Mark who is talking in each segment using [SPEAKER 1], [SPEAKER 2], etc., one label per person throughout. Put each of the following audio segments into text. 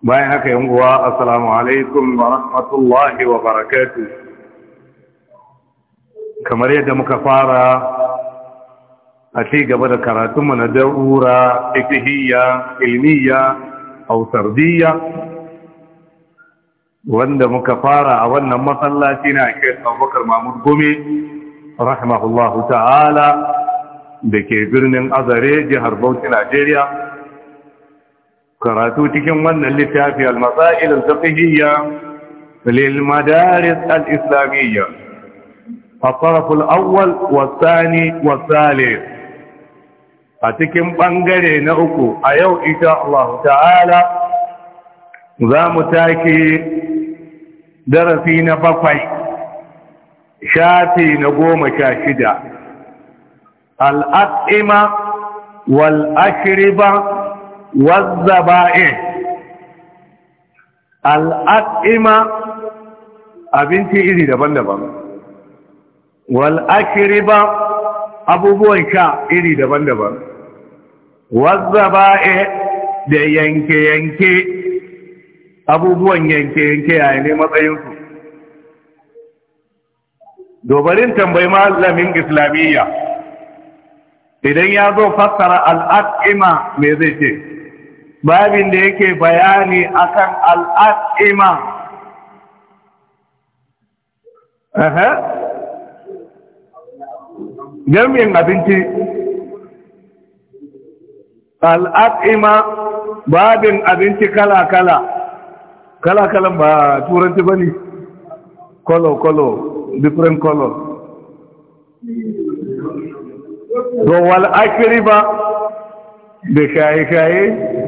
[SPEAKER 1] bayan haka yin uwa assalamu alaikum wa rahmatullahi wa barakatu kamar yadda muka fara a ci gaba da karatunmu na da'ura ikihiyya ilmiya hausardiyya wanda muka fara a wannan masallaci na shek abubakar mahmud gome rahimahullahu ta'ala da ke birnin azare jihar bauchi najeriya karatu cikin wannan littafi al الفقهية للمدارس الإسلامية الطرف الأول والثاني والثالث أتكم بانجري نأكو أيو إن شاء الله تعالى ذا متاكي درسين بفاي شاتي نقوم شاشدة الأطئمة والأشربة wazzaba'i al'ad'ima abinci iri daban-daban wal'akiriba abubuwan sha iri daban-daban wazzaba'i da yanke-yanke abubuwan yanke-yanke yayin ne matsayinsu dobarin tambayi malamin islamiyya idan ya zo fassara al'ad'ima me zai ce babin da yake bayani akan al'ad'ima jami'in abinci al'ad'ima babin abinci kala-kala kala-kalan ba turanci ba ne kolo-kolo different color
[SPEAKER 2] to wal akiri ba
[SPEAKER 1] da shaye-shaye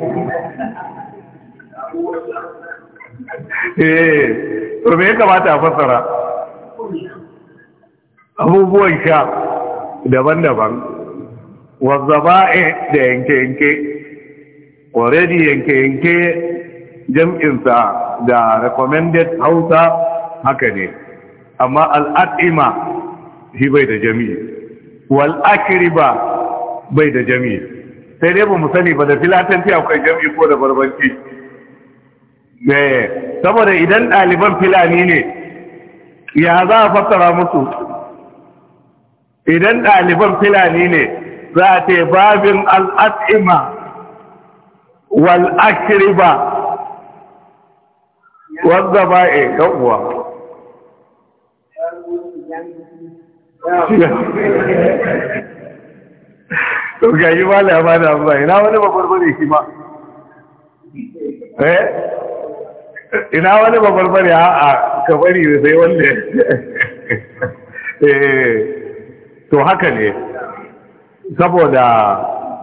[SPEAKER 1] eh to me ya kamata a fassara abubuwan sha daban-daban wazzaba'e da yanke-yanke already yanke-yanke jam'insa da recommended hausa haka ne amma al'adima shi bai da jami'i wal'akiriba bai da jami'i sai dai ba sani ba da filatanci akwai jami'i ko da barbanci ne eh. saboda idan ɗaliban filani ne ya za a fassara musu idan ɗaliban filani ne za a ce babin al'adima wal'akiriba wanda ba a yawuwa ga yi ba labada ba ina wani babbar bane shi ma eh ina wani babbar bari a ka bari da sai wanda eh, to haka ne saboda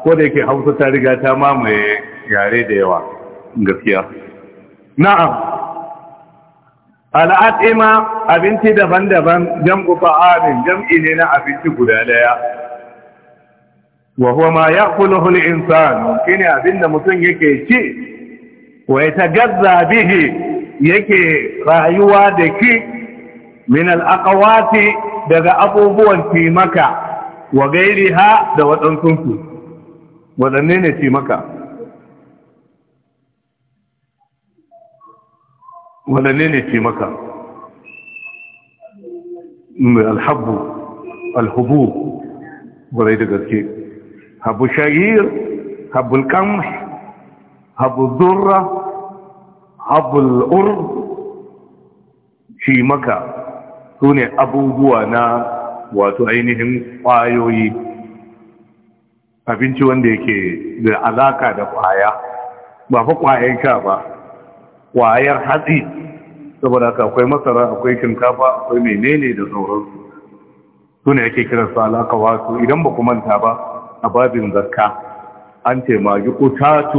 [SPEAKER 1] ko da yake hausa ta riga ta mamaye yare da yawa gaskiya na'am al'adima abinci daban-daban jam'u fa'amin jam'i ne na abinci guda daya wa huwa ma ya'kuluhu al-insan kine abinda mutum yake ci wa ya tagazza bihi yake rayuwa da ki min al'aqawati daga abubuwan timaka wa gairi ha da waɗansunsu waɗanne ne timaka waɗanne ne timaka alhabbu alhubu wadai da gaske habu shayir, habu kamsh abu zurra abu al'ur shi maka su ne abubuwa na wato ainihin ƙwayoyi abinci wanda yake da alaka da ƙwaya ba fa ƙwayen sha ba ƙwayar hatsi saboda haka akwai masara akwai shinkafa akwai menene da sauransu su ne yake kiransu alaka wasu idan ba ku manta ba a babin zakka an ce ma yi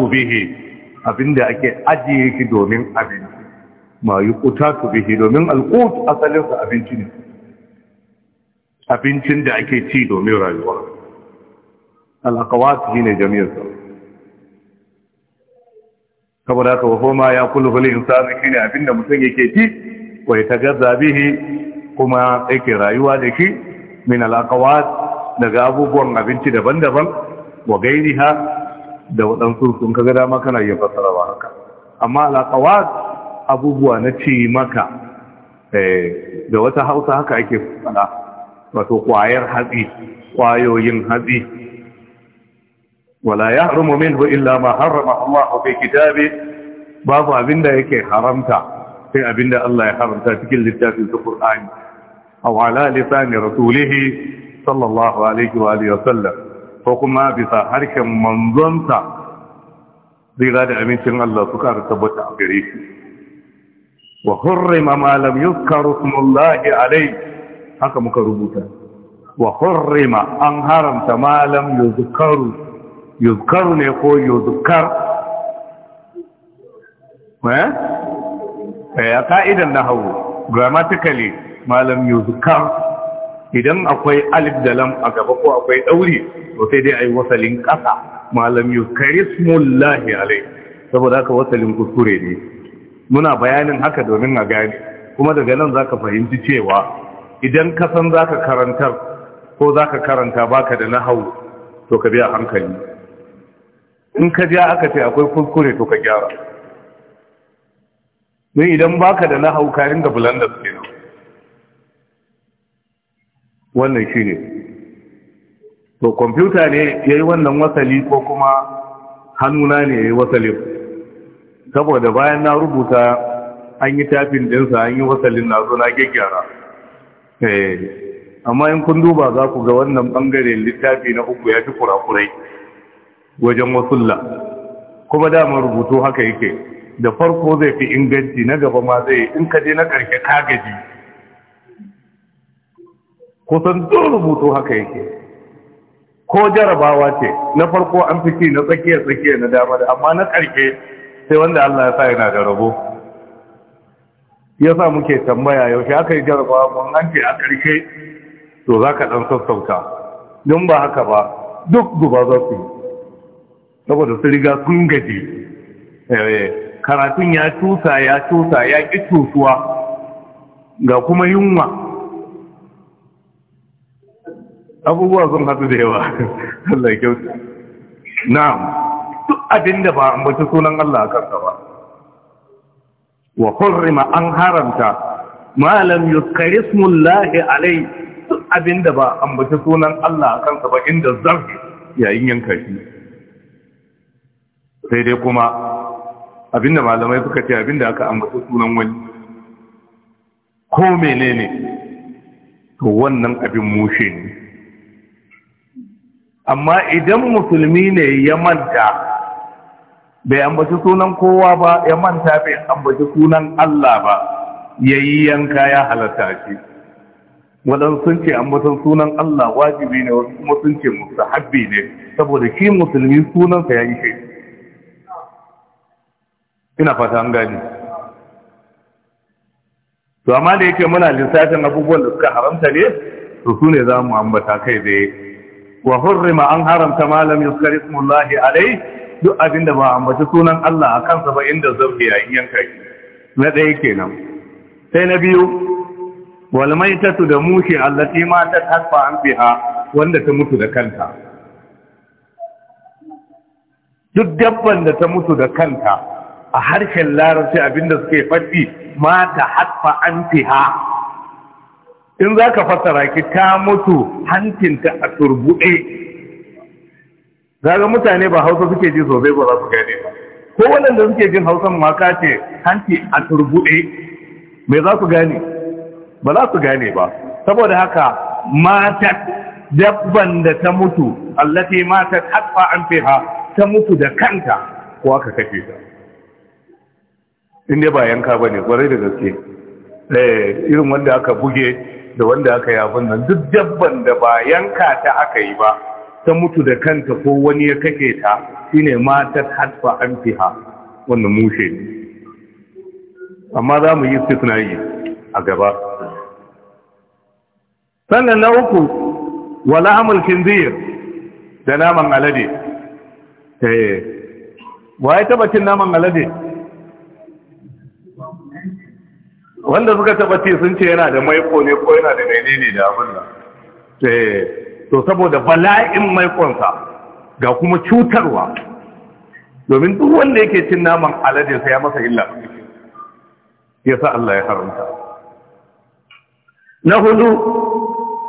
[SPEAKER 1] bihe abinda ake ajiye shi domin abinci ma yi kuta su bihi domin alkut su abinci ne abincin da ake ci domin rayuwa su yi ne sa. saboda ka wafo ma ya kullu hulun insani shi ne abinda mutum yake ci wai ta gaza bihi kuma yake rayuwa da shi min alakawa daga abubuwan abinci daban-daban wa ha? da waɗansu sun kaga dama kana iya fassara ba haka amma alaƙawar abubuwa na ce maka eh, da wata hausa haka ake faɗa wato ƙwayar hatsi ƙwayoyin hatsi wala ya haramu min hu illa ma harrama Allah fi kitabe babu abinda yake haramta sai abinda Allah ya haramta cikin littafin Qur'ani aw ala lisani rasulihi sallallahu alaihi wa alihi wa sallam ko kuma bisa harshen manzonta. zira da amincin Allah su kara tabbata a gare shi wa hurrima ma lam yuzkaru smullahi alai haka muka rubuta wa hurrima an haramta ma lam yuzkaru yuzkaru ne ko yuzkar eh eh ka'idan nahwu grammatically ma lam yuzkar idan akwai alif da lam a gaba ko akwai dauri, to sai dai a yi wasalin ƙasa malam yu karismullahi alai saboda haka wasalin kuskure ne muna bayanin haka domin a gane kuma daga nan za ka fahimci cewa idan ka san za ka karantar ko za ka karanta baka da nahau to ka biya hankali in ka ja aka ce akwai kuskure to ka gyara ne idan baka da nahau ka ringa bulanda kenan wannan shi ne to kwamfuta ne ya yi wannan wasali ko kuma hannuna ne ya yi wasali saboda bayan na rubuta an yi tafin ɗinsa an yi wasalin na zo na gyaggyara eh, amma in kun duba za ku ga wannan bangaren littafi na uku ya fi kurakurai wajen wasulla kuma dama rubutu haka yake da farko zai fi inganci na gaba ma zai in ka je na ƙarshe ka gaji kusan duk rubutu haka yake ko jarabawa ce na farko an ci na tsakiya tsakiya na dama da amma na ƙarshe sai wanda Allah ya sa yana da rabo ya sa muke tambaya yaushe aka yi jarabawa mun an ce a ƙarshe to za ka ɗan sassauta don ba haka ba duk guba za su yi saboda su riga sun gaji eh, karatun ya cusa ya cusa ya ƙi cusuwa ga kuma yunwa abubuwa sun hadu da yawa Allah ya kyauta na'am duk abinda ba ambaci sunan Allah a ba wa hurrima an haramta malam lam yuskarismullahi alai duk abinda ba ambaci sunan Allah kansa ba inda zan yayin yanka shi sai dai kuma abinda malamai suka ce abinda aka ambaci sunan wani ko menene to wannan abin mushe ne amma idan musulmi ne ya manta bai ambaci sunan kowa ba ya manta bai ambaci sunan Allah ba ya yi yanka ya halatta shi waɗansu sun ce ambatan sunan Allah wajibi ne wasu kuma sun ce mustahabbi ne saboda shi musulmi sunansa ya yi shi ina fata an gani to amma da yake muna lissafin abubuwan da suka haramta ne to su ne za mu ambata kai dai. wa hurrima an haramta malam yuskar ismullahi alai duk abin da ba ambaci sunan Allah a kansa ba inda zabbi a yanka na ɗaya kenan sai na biyu wal maitatu da mushi allati ma ta tasfa an biha wanda ta mutu da kanta duk dabban da ta mutu da kanta a harshen larabci abinda suke faɗi ma ta hasfa an fiha in za ka fassara ki ta mutu hancinta a turbuɗe zaga mutane ba hausa suke ji sosai ba za su gane ba ko waɗanda suke jin hausan maka ce hanci a turbuɗe me za su gane ba za su gane ba saboda haka matat dabban da ta mutu allafi matat hatfa an ha ta mutu da kanta ko aka kafe ta in dai ba yanka bane kwarai da gaske eh, irin wanda aka buge da wanda aka yi abin nan duk dabban da ba yanka ta aka yi ba ta mutu da kanta ko wani ya kake ta shine matar hatfa an fiha wanda mushe amma za mu yi yi a gaba sannan na uku wala amal khinzir da naman alade eh waye tabbacin naman alade wanda suka taba ce sun ce yana da maiko ne ko yana da ne da abin nan eh, to saboda bala'in maikonsa ga kuma cutarwa domin duk wanda yake cin naman alade sai ya masa illa ya sa Allah ya haramta na hudu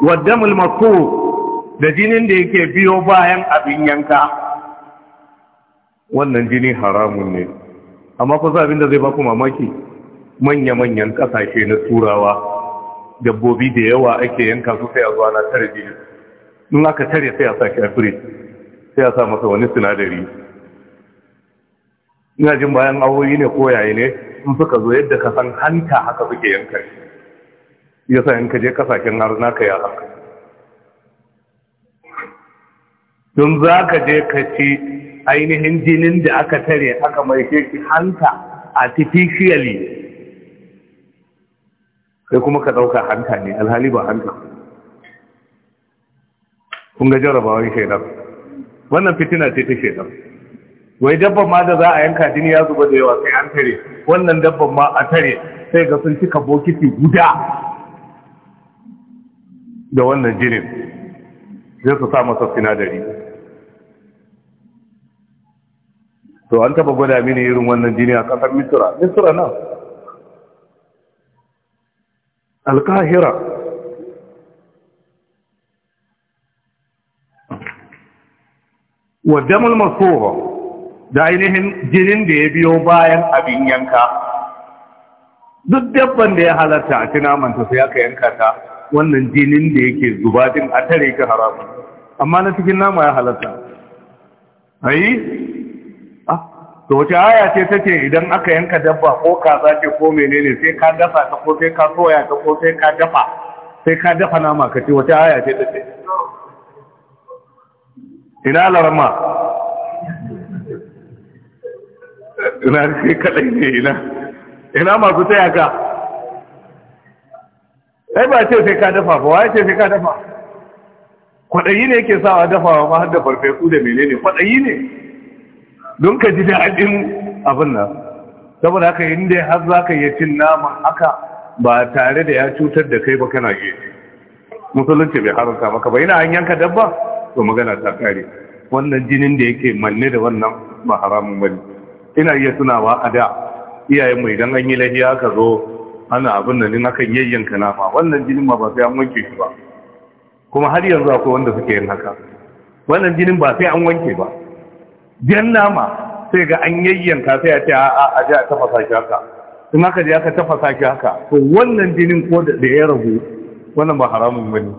[SPEAKER 1] wadda maku da jinin da yake biyo bayan abin yanka wannan jini haramun ne amma ku abin da zai baku mamaki manya-manyan kasashe na turawa dabbobi da yawa ake yanka su sai a zuwa na tare jini in aka tare sai a sake a sai a sa masa wani sinadari ina jin bayan awoyi ne ko yayi ne in suka zo yadda ka san hanta haka suke yanka shi ya in ka je kasashen har naka ya haka don za ka je ka ci ainihin jinin da aka tare aka mai shi hanta artificially kai kuma ka ɗauka hanta ne alhali ba hanta kun ga jarabawan shaidar wannan fitina ce ta shaidar wai dabban ma da za a yanka jini ya zuba da yawa sai an tare wannan dabban ma a tare sai ga sun cika bokiti guda da wannan jinin zai su sa masa sinadari to an taba gwada mini irin wannan jini a kasar misira misira nan alkahira wa damul masuwa da ainihin jinin da ya biyo bayan abin yanka duk dabban da ya halarta a tunamanta sai aka yanka ta wannan jinin da yake zuba din a tare ka haramun amma na cikin nama ya halarta ayi to wace aya ce ce idan aka yanka dabba ko kaza ce ko menene sai ka dafa ta ko sai ka soya ta ko sai ka dafa sai ka dafa nama ka ce wace aya ce ce? ina larama ina ce kadai ne ina ina masu taya ka ai ba ce sai ka dafa ba wai ce sai ka dafa kwaɗayi ne yake sawa dafawa ma har da farfesu da menene kwaɗayi ne don ka ji daɗin abin nan saboda haka inda har za ka yi cin nama haka ba tare da ya cutar da kai ba kana iya musulunci bai haramta maka ba yana an yanka dabba to magana ta kare wannan jinin da yake manne da wannan ba haramun bane ina iya tunawa a da iyayen mu idan an yi lahiya ka zo ana abin nan in akan yayyanka nama wannan jinin ma ba sai an wanke shi ba kuma har yanzu akwai wanda suke yin haka wannan jinin ba sai an wanke ba biyan nama sai ga an yayyanka sai a ce a a ji a tafasa shi haka in aka je aka tafasa shi haka to wannan jinin ko da ya rabu wannan ba haramun bane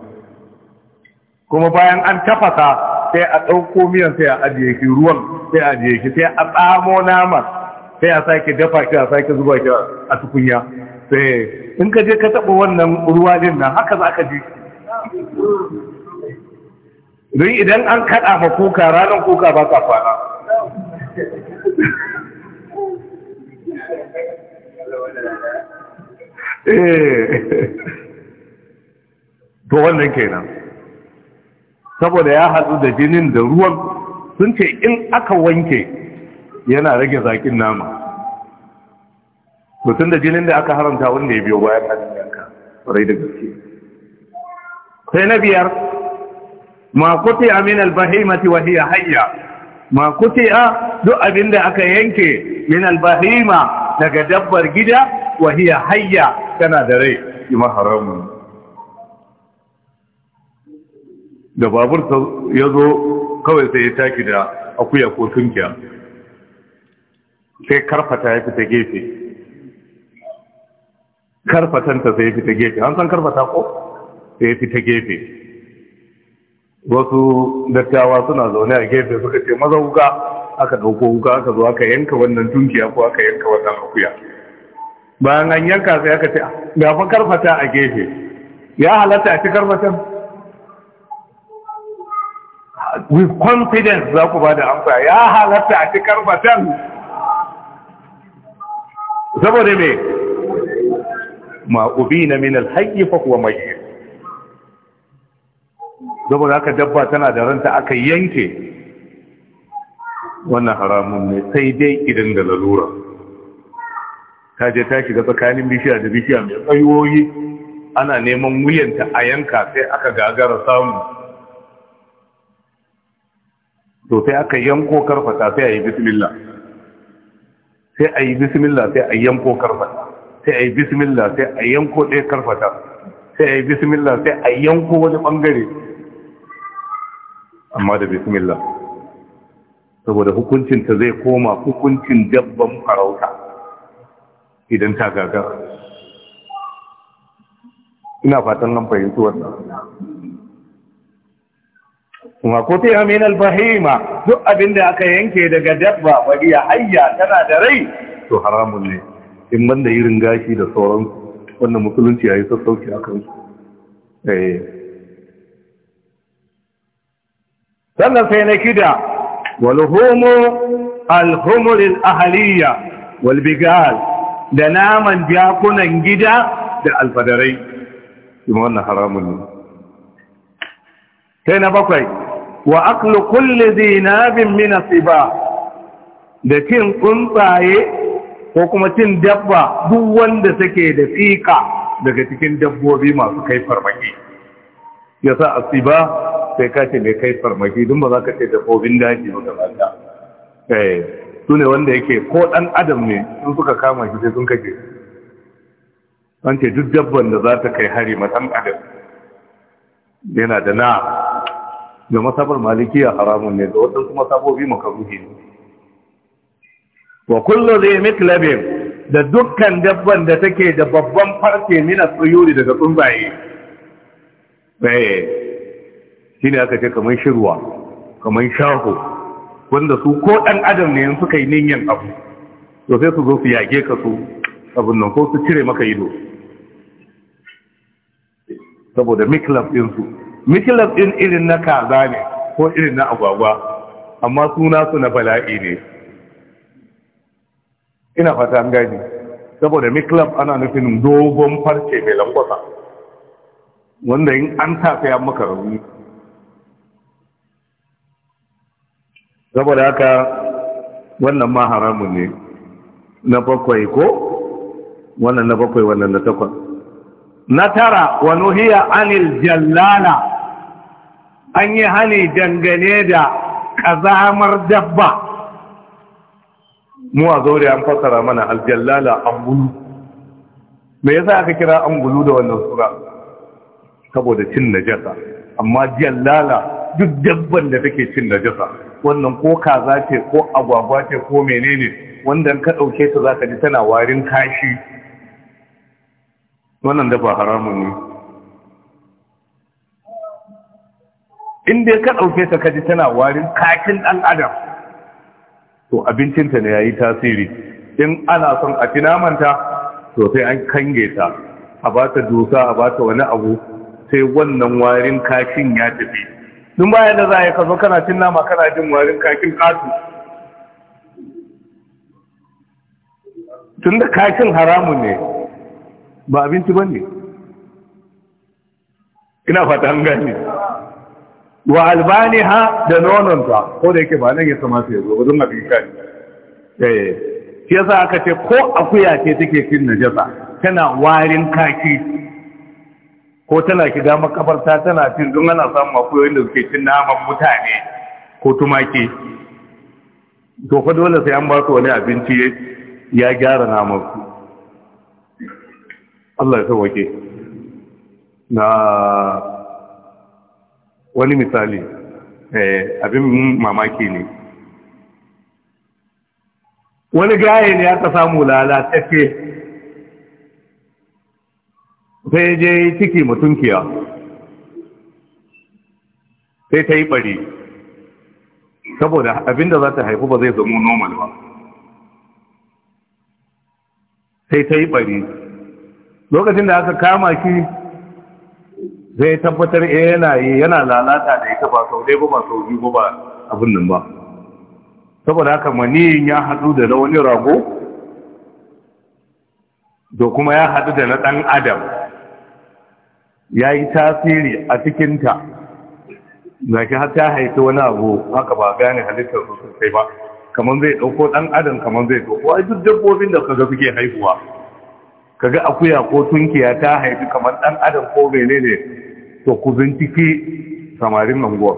[SPEAKER 1] kuma bayan an tafasa sai a ɗauko miyan sai a ajiye ki ruwan sai a ajiye ki sai a tsamo naman sai a sake dafa shi a sake zuba shi a tukunya sai eh, in ka je ka taɓa wannan ruwa din nan haka za ka ji don idan an kaɗa ma kuka ranar kuka ba ka kwana Eh. to wannan kenan saboda ya haɗu da jinin da ruwan sun ce in aka wanke yana rage zaƙin nama mutum da jinin da aka haramta wanda ya biyo bayan hannun yanka rai da gaske sai na biyar ma kuti aminal bahimati wa hayya ma a duk abin da aka yanke min albahima daga dabbar gida wa hiya hayya tana da rai ima haramun da babur ya zo kawai sai ya taki da akuya ko tunkiya sai karfata ya fita gefe karfatanta sai ya fita gefe an san karfata ko sai ya fita gefe wasu dattawa suna zaune a gefe suka ce maza wuka aka ɗauko wuka aka zo aka yanka wannan tunkiya ko aka yanka wannan akuya bayan an yanka sai aka ce ah, ga fa karfata a gefe ya halatta a ci karfatan with confidence za ku ba da amsa ya halatta a ci karfatan saboda me ma'ubi na min alhaƙi fa huwa mayyit saboda haka dabba tana da ranta aka yanke wannan haramun ne sai dai idan da lalura ta je ta shiga tsakanin bishiya da bishiya mai tsayoyi ana neman wuyanta a yanka sai aka gagara samu to sai aka yanko karfata sai a yi bismillah sai a yi bismillah sai a yanko karfata sai a yi bismillah sai a yanko ɗaya karfata sai a yi bismillah sai a yanko wani ɓangare amma da bismillah saboda hukuncinta zai koma hukuncin dabban farauta idan ta gagara ina fatan an fahimci wannan kuma ko ta amin al duk abinda aka yanke daga dabba bariya hayya tana da rai to haramun ne in banda irin gashi da sauran wannan musulunci yayi sassauci akan eh sannan sai na kida walhumu alhumuril ahaliya walbigal da naman jakunan gida da alfadarai kuma wannan haramun ne sai na bakwai wa aklu kulli zinabin min asiba da cin tsuntsaye ko kuma cin dabba duk wanda take da fika daga cikin dabbobi masu kai farmaki yasa asiba sai ka ce mai kai farmaki dun ba za ka ce dabbobin daji ba gabata eh su ne wanda yake ko dan adam ne sun suka kama shi sai sun kaje an ce duk dabban da za ta kai hari ma dan adam yana da na da masabar malikiya haramun ne da wadansu masabobi makaruhi ne wa kullu zai miklabin da dukkan dabban da take da babban farce mina tsuyuri daga Tsumbaye. Eh, Shi ne aka ce kamar shirwa kamar shaho wanda su ko ɗan adam ne suka yi niyyar abu to sai su zo su yage ka su abin nan ko su cire maka ido saboda mikilaf ɗinsu mikilaf ɗin irin na kaza ne ko irin na agwagwa amma suna su na bala'i ne ina fata an gani saboda mikilaf ana nufin dogon farce mai lankwasa wanda in an tafiya maka rauni saboda haka wannan ma haramun ne na bakwai ko wannan na bakwai wannan na takwas na tara wani nuhiya anil jallala an yi hani dangane da ƙazamar dabba mu a zaure an fasara mana aljallala angulu me yasa aka kira angulu da wannan sura saboda cin najasa amma jallala duk dabban da take cin najasa wannan ko kaza ce ko agwagwa ce ko menene wanda ka ɗauke ta zaka ji tana warin kashi wannan dafa haramun ne in dai ka ɗauke ta ka ji tana warin kashin ɗan adam to abincinta ne yi tasiri in ana son a fi namanta to sai an kange ta a ba ta dusa a ba ta wani abu sai wannan warin kashin ya tafi dun bayan da za a yi kaso kana cin nama kana jin warin kakin katu tun da kakin haramun ne ba abinci ba ne ina fata an gani wa albani ha da nononta ko da yake ba nan ya sama su yanzu ba zun abin kani eh shi yasa aka ce ko akuya ce take cin najasa tana warin kaki ko tana shiga makabarta tana cin don ana samun akwai wanda suke cin naman mutane ko tumaki to fa dole sai an ba su wani abinci ya gyara naman su Allah ya sauke na wani misali eh, abin mamaki ne wani gaye ne aka samu lalatacce sai je yi ciki kiya sai ta yi bari saboda abinda za ta haifu ba zai zama normal ba sai ta yi bari lokacin da aka kama shi zai tabbatar eh, yana yi yana lalata da ita ba sau dai ba sau biyu ba ba abin nan ba saboda haka maniyin ya haɗu da na wani rago da kuma ya haɗu da na ɗan adam ya yi tasiri a cikinta na shi har ta haifi wani abu haka ba gane halittar su sosai ba kamar zai ɗauko ɗan adam kamar zai ɗauko a duk dabbobin da kaga suke haihuwa kaga akuya ko tunkiya ta haifi kamar ɗan adam ko mene ne to ku bincike samarin manguwar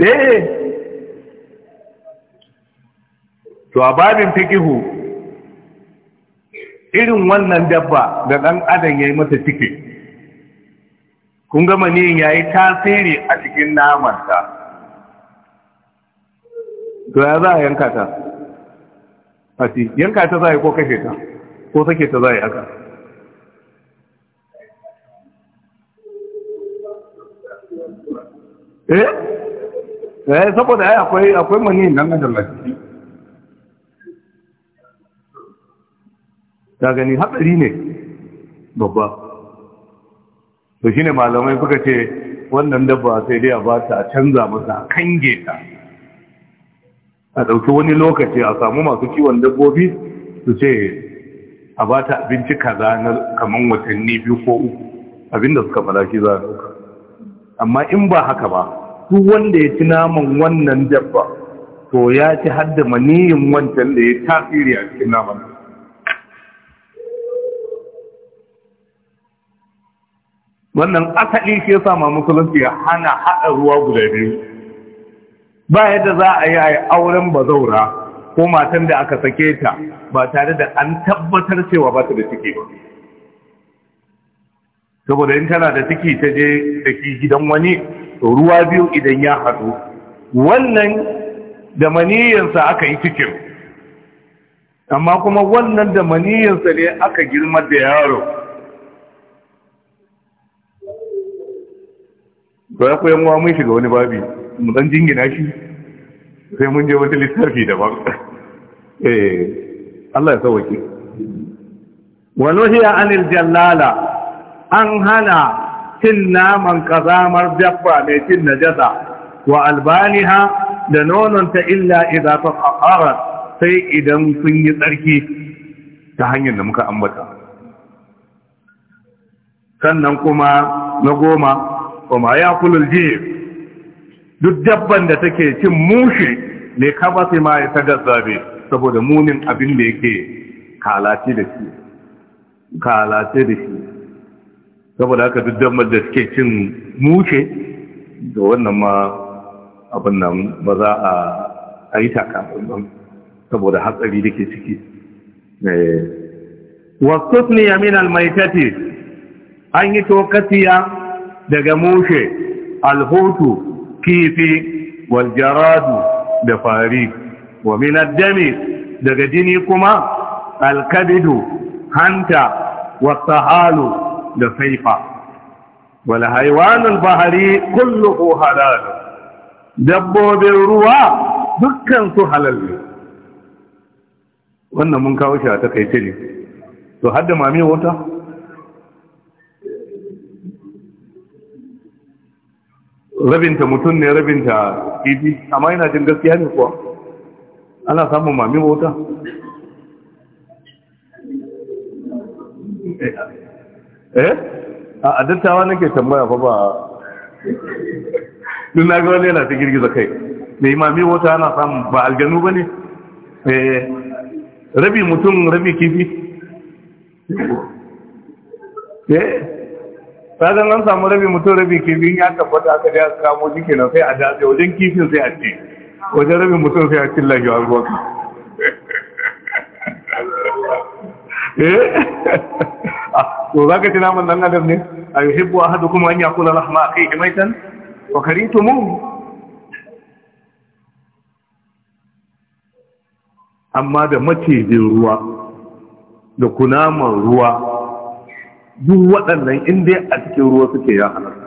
[SPEAKER 1] eh to a babin fikihu irin wannan dabba da ɗan adam ya yi masa ciki kun gama ne ya yi tasiri a cikin namanta to ya za a yanka ta fasi yanka ta za a yi ko kashe ta ko sake ta za a yi aka eh? eh saboda ai akwai akwai mani nan da lafiya ta gani haɗari ne babba to shi ne malamai suka ce wannan dabba sai dai a ba ta a canza masa a kange ta a ɗauki wani lokaci a samu masu kiwon dabbobi su ce a ba ta abinci kaza na kamar watanni biyu ko uku abinda suka fara shi za a ɗauka amma in ba haka ba su wanda ya ci naman wannan dabba to ya ci haddama niyin wancan da ya tasiri a cikin naman wannan asali shi yasa ma musulunci ya hana haɗa ruwa guda biyu ba yadda za a yi a auren bazaura ko matan da aka sake ta ba tare da an tabbatar cewa ba ta da ciki ba saboda in tana da ciki ta je da ki gidan wani ruwa biyu idan ya haɗu wannan da maniyyarsa aka yi cikin amma kuma wannan da maniyyarsa ne aka girma da yaro to ya koyan wa mun shiga wani babi mu dan jingina shi sai mun je wata littafi daban eh Allah ya sauke wa nuhiya anil jallala an hana cin naman kazamar dabba mai cin jaza wa albaniha da nonon ta illa idza taqarat sai idan sun yi tsarki ta hanyar da muka ambata sannan kuma na goma kuma ya kulul jib duk dabban da take cin mushi ne ka ba sai ma ya gazzabe saboda munin abin da yake kalace da shi kalace da shi saboda haka duk dabban da take cin mushe da wannan ma abin nan ba za a yi ba saboda hatsari da ke ciki eh. wasu ne yamin almaitati an yi tokatiya daga mushe alhutu kifi waljaradu da fari wa minaddami daga jini kuma alkabidu hanta wa sahalu da saifa wal haiwanul bahari kulluhu halal dabbobin ruwa dukkan su halal ne wannan mun kawo shi a takaice ne to hadda mami wata rabinta mutum ne rabinta kifi amma yana jin gaskiya ne kuwa ana samun mami wauta eh, eh? a dattawa nake tambaya fa ba duk na ga yana ta girgiza kai mai mami wauta ana samun ba aljanu ba ne eh rabi mutum rabi kifi eh sadan an samu rabi mutum rabi kifin ya tabbata aka ja su kamo shi kenan sai a dace wajen kifin sai a ce wajen rabin mutum sai a cin lafiya ruwan to za ka ci naman dan adam ne a yi hibbu a haɗu kuma an yakula rahama a kai imaitan wa karitu mu amma da macejin ruwa da kunaman ruwa duk waɗannan in dai a cikin ruwa suke ya halatta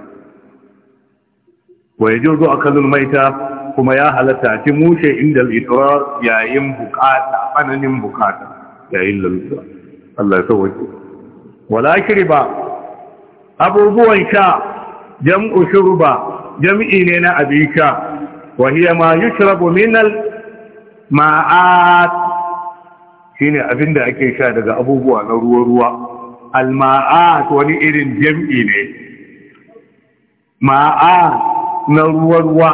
[SPEAKER 1] zo yajuzu akalul maita kuma ya halatta a ci mushe inda al yayin bukata tsananin bukata yayin lalura Allah ya sauke wala ba. abubuwan sha jam'u ba. jam'i ne na abin sha wa ma yushrabu min al-ma'at abin abinda ake sha daga abubuwa na ruwa ruwa alma'a wani irin jam'i ne ma'a na ruwa-ruwa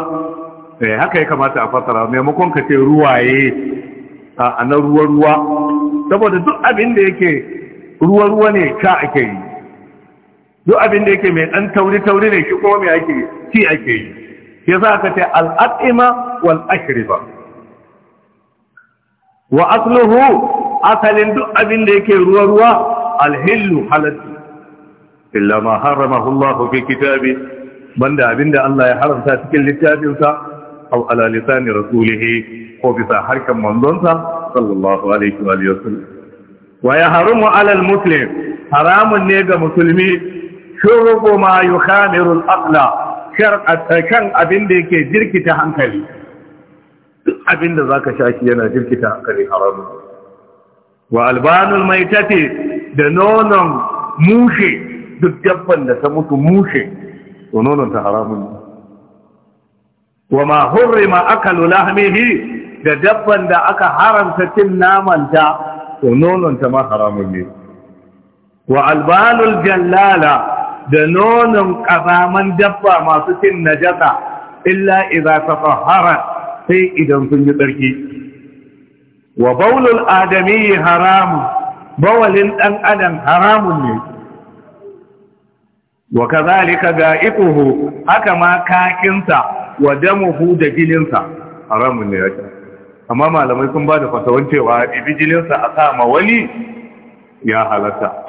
[SPEAKER 1] eh haka ya kamata a fasara maimakon ka ce ruwaye a na ruwa-ruwa saboda duk abin da yake ruwa-ruwa ne ka ake yi duk abin da yake mai dan tauri-tauri ne shi kuma mai ake ci ake yi ya za ka ce al'ad'ima ashriba wa asluhu asalin duk abin da yake ruwa-ruwa alhillu halatti illa ma haramahu Allah fi kitabi banda abinda Allah ya haramta cikin littafinsa aw ala lisani rasulihi ko bisa harkan manzonsa sallallahu alaihi wa sallam wa ya haramu ala almuslim haramun ne ga musulmi shurubu ma yukhamiru al-aqla shar'atan abinda yake jirkita hankali abinda zaka sha shi yana jirkita hankali haramun wa albanul maitati da nonon mushe duk dabban da ta mutu mushe to nonon ta haramun ne wa ma hurrima akalu lahmihi da dabban da aka haramta cin naman ta to nonon ta ma haramun ne wa albalul jallala da nonon ƙazaman dabba masu cin najasa illa idza tatahhara sai idan sun yi tsarki wa baulul adami haramun bawalin ɗan adam haramun ne wa kazalika ga'iquhu haka ma kakinsa wa damuhu da jininsa haramun ne yake amma malamai sun ba da fatawan cewa ibi jininsa a sama wani ya halatta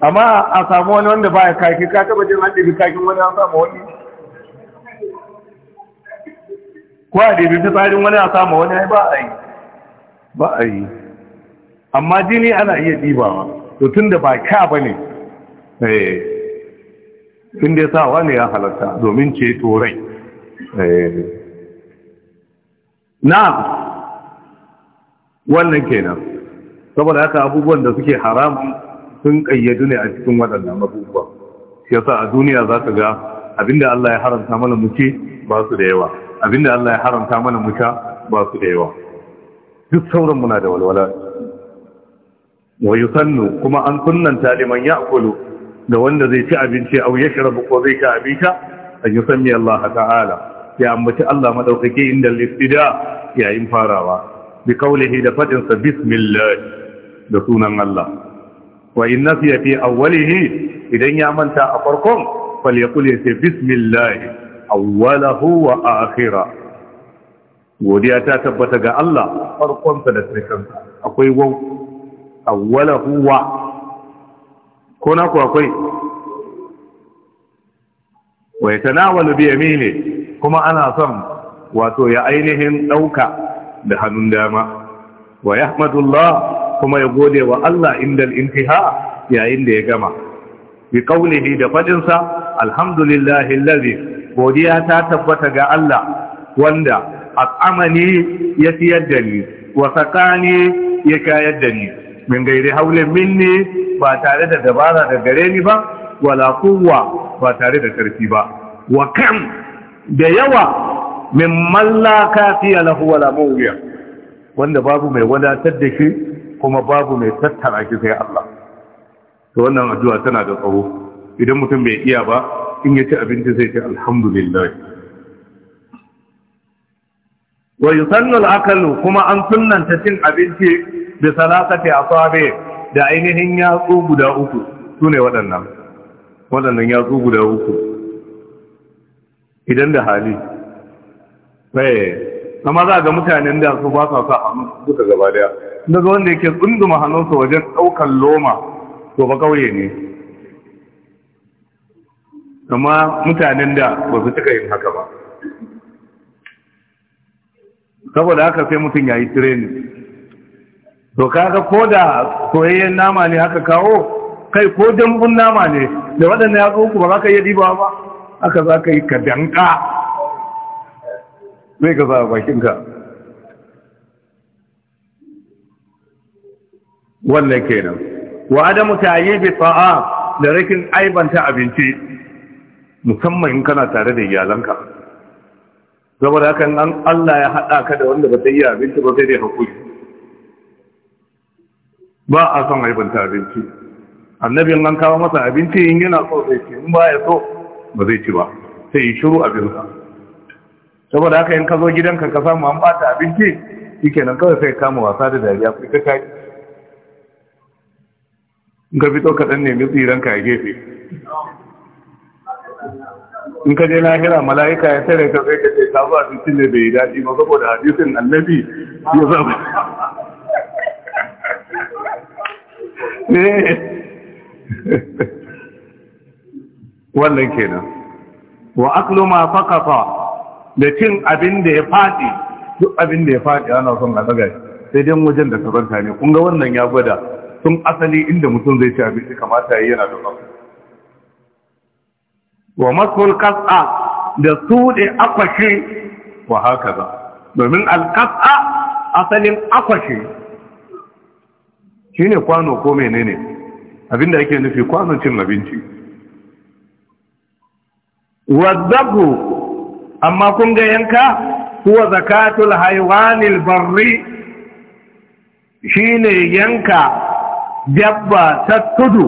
[SPEAKER 1] amma a samu wani wanda ba ya kaki ka taba jin hannu ɗibi kakin wani a sama wani ko a ɗibi fitsarin wani a sama wani ba a yi ba a yi amma jini ana iya ɗibawa to tun da ba ka ba ne eh, tun da ya sawa ya halatta domin ceto rai eh. na wannan kenan saboda haka abubuwan da suke haram sun ƙayyadu ne a cikin waɗannan abubuwa ya yasa a duniya za ka ga abinda Allah ya haramta mana muke ba su da yawa abinda Allah ya haramta mana muka ba su da yawa duk sauran na da walwala wa sannu kuma an sunnanta liman ya'kulu da wanda zai ci abinci au yashrabu ko zai ci abinci an yusammi Allah ta'ala ya ambaci Allah madaukake inda al-ibtida yayin farawa bi qawlihi da fadin sa bismillah da sunan Allah wa in nasiya fi awwalihi idan ya manta a farkon falyaqul ya bismillah awwalahu wa akhirahu godiya ta tabbata ga Allah farkonsa da sarkansa akwai wau awwalahu wa ko na ku akwai wa yatanawalu bi yamini kuma ana son wato ya ainihin dauka da hannun dama wa yahmadullah kuma ya gode wa Allah indal intiha yayin da ya gama bi qawlihi da fadin sa alhamdulillahi allazi godiya ta tabbata ga Allah wanda at'amani ya siyar da ni wa sakani ya kayar da ni min gairi haulin minni ba tare da dabara da gare ni ba wala kuwa ba tare da karfi ba wa kan da yawa min mallaka fiya lahu wala mawuya wanda babu mai wadatar da shi kuma babu mai tattara shi sai Allah to wannan addu'a tana da tsawo idan mutum bai iya ba in ya ci abinci sai ce alhamdulillah wa yusannu al-akalu kuma an sunnanta cin abinci bi salasati asabi da ainihin yatsu guda uku sune waɗannan waɗannan yatsu guda uku idan da hali eh amma za ga mutanen da su ba sa sa hannu duka gaba daya daga wanda yake tsunduma hannunsa wajen ɗaukar loma to ba kauye ne amma mutanen da ba su cika yin haka ba saboda haka sai mutum ya yi training to kaga ko da soyayyen nama ne haka kawo kai ko dambun nama ne da waɗanda ya uku ba za ka iya diba ba aka za ka yi ka danka zai ka za bakinka wannan kenan wa adamu bi ta'a da rikin aibanta abinci musamman in kana tare da iyalanka saboda hakan an Allah ya haɗa ka da wanda ba ta yi abinci ba sai dai hakuri ba a son aibanta abinci annabin an kawo masa abinci in yana so zai ce in ba ya so ba zai ci ba sai yi shiru abinsa saboda haka in ka zo gidanka ka samu an bata abinci nan kawai sai kama wasa da dariya kai ka kai in ka fito ka dan nemi ka a gefe in ka je lahira mala'ika ya tare ka sai ka ce ka zo abinci ne bai daɗi ba saboda hadisin annabi ya zaba wannan kenan wa aklu ma faqata da cin abin da ya fadi duk abin da ya fadi ana son a daga sai dai wajen da tsaranta ne kun ga wannan ya gwada tun asali inda mutum zai ci abinci kamata yayi yana da tsafta wa masul qas'a da sude akwashi wa hakaza domin al qas'a asalin akwashi Shi ne kwano ko menene abinda ake nufi kwano cin abinci wadzabu amma kun ga yanka huwa zakatul haywanil barri shine yanka dabba ta tudu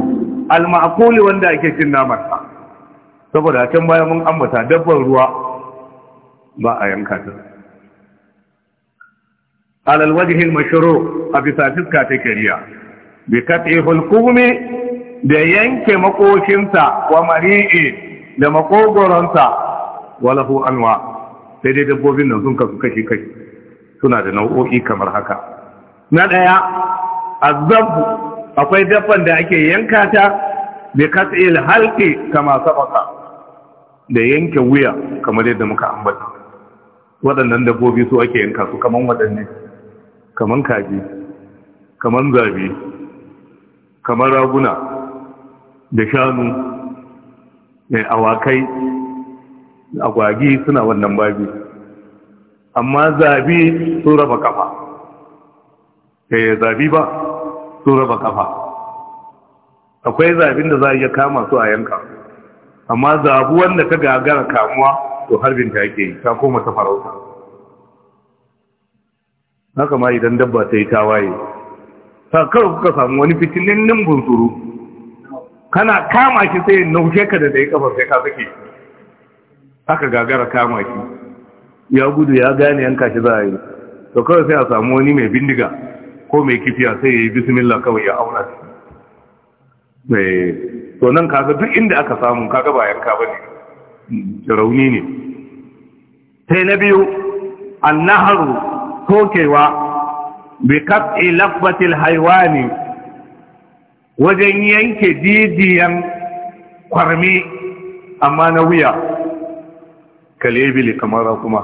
[SPEAKER 1] al-ma'qul wanda ake cin naman saboda can baya mun ambata dabban ruwa ba a yanka ta alal wajhil mashru a bisa fiska ta kariya bi kat'i hulqumi da yanke makoshinsa wa mari'i da makogoronsa walahu anwa sai dai dabbobin nan sun kasu kashi kashi suna da nau'o'i kamar haka na ɗaya, azzabu akwai dabban da ake yanka ta bi kat'i halqi kama sabaka da yanke wuya kamar yadda muka ambata waɗannan dabbobi su ake yanka su kamar waɗanne kaman kaji kaman zabi kamar raguna da shanu mai eh, awakai agwagi suna wannan babi amma zabi sun raba kafa ya eh, zabi ba sun raba kafa akwai zabin da za a iya kama su a yanka amma zabu wanda ka gagara kamuwa to harbin ta yake ta koma ta farauta haka ma idan dabba ta yi ta tawaye kawai kuka samu wani fitinin nan bunsuru kana kama shi sai naushe ka da dai kafa sai ka sake haka gagara kama shi ya gudu ya gane yanka shi za a yi to kawai sai a samu wani mai bindiga ko mai kifiya sai ya yi bismillah kawai ya auna shi mai eh, to nan kaga duk inda aka samu kaga ba yanka ba ne rauni ne sai na biyu annaharu tokewa bi kat'i lafbatil haiwani wajen yanke didiyan kwarmi amma na wuya kalebili kamar kuma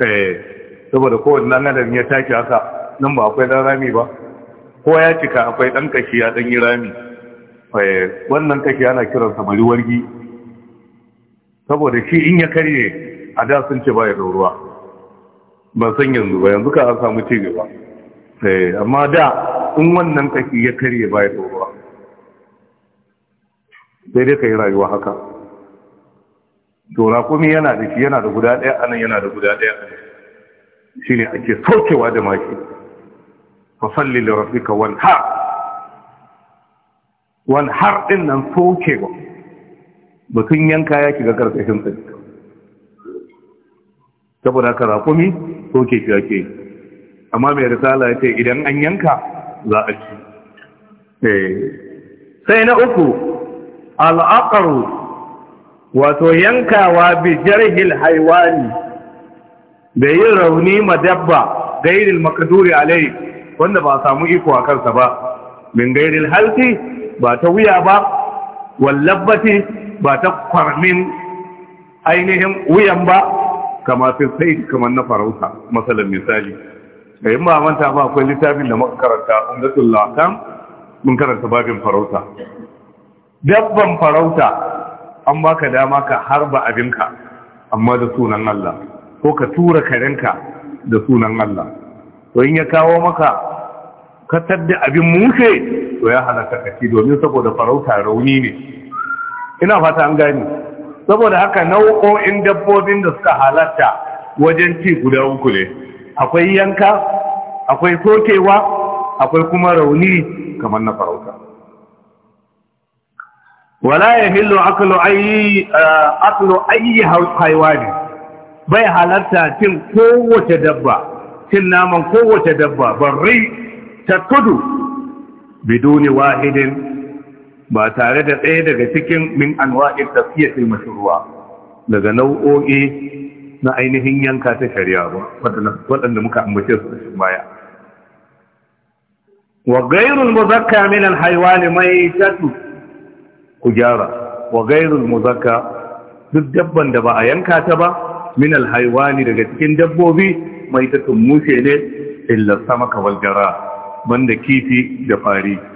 [SPEAKER 1] eh saboda kowane nan adam ya take haka nan ba akwai dan rami ba ko ya cika akwai dan kashi ya dan yi rami eh wannan kashi ana kiransa bari wargi saboda shi in ya karye a da sun ce ba ya ruwa ban san yanzu ba yanzu ka an samu ci gaba eh, amma da in wannan kaki ya karye ba ya tsoro sai dai ka yi rayuwa haka tora kuma yana da shi yana da guda ɗaya anan yana da guda ɗaya anan shi ne ake saukewa da maki fasalli da rafika wani har wani har ɗin nan saukewa batun yanka ya shiga ƙarƙashin tsaki. saboda ka raƙumi ko ke amma mai risala ya ce idan an yanka za a ci eh. sai na uku al'aƙaru wato yankawa bi jarhil haiwani da yin rauni ma dabba gairil makaduri alai wanda ba samu iko a kansa ba min gairil halti ba ta wuya ba wallabbati ba ta kwarmin ainihin wuyan ba kama sai kamar na farauta masalan misali da eh, ma manta ba akwai littafin da muka karanta umdatul lakam mun karanta babin farauta dabban farauta an baka dama ka harba abinka amma da sunan Allah ko ka tura karenka da sunan Allah to in ya kawo maka katar da abin mushe to ya halarta kaci domin saboda farauta rauni ne ina fata an gani saboda haka nau'o'in dabbobin da suka halatta wajen ci guda uku ne akwai yanka akwai sokewa akwai kuma rauni kamar na farauta wala ya hillo akalo ayi eh, haiwani bai halatta cin kowace dabba cin naman kowace dabba barri ta tudu biduni wahidin ba tare da tsaye daga cikin min sai tafiyatil ruwa daga nau'o'i na ainihin yanka ta shari'a ba waɗanda muka ambace su cikin baya wa ghayrul muzakka min al haywani maytatu kujara wa ghayrul muzakka duk dabban da ba a yanka ta ba min al haywani daga cikin dabbobi maitatun mushe ne illa samaka wal jara banda kifi da fari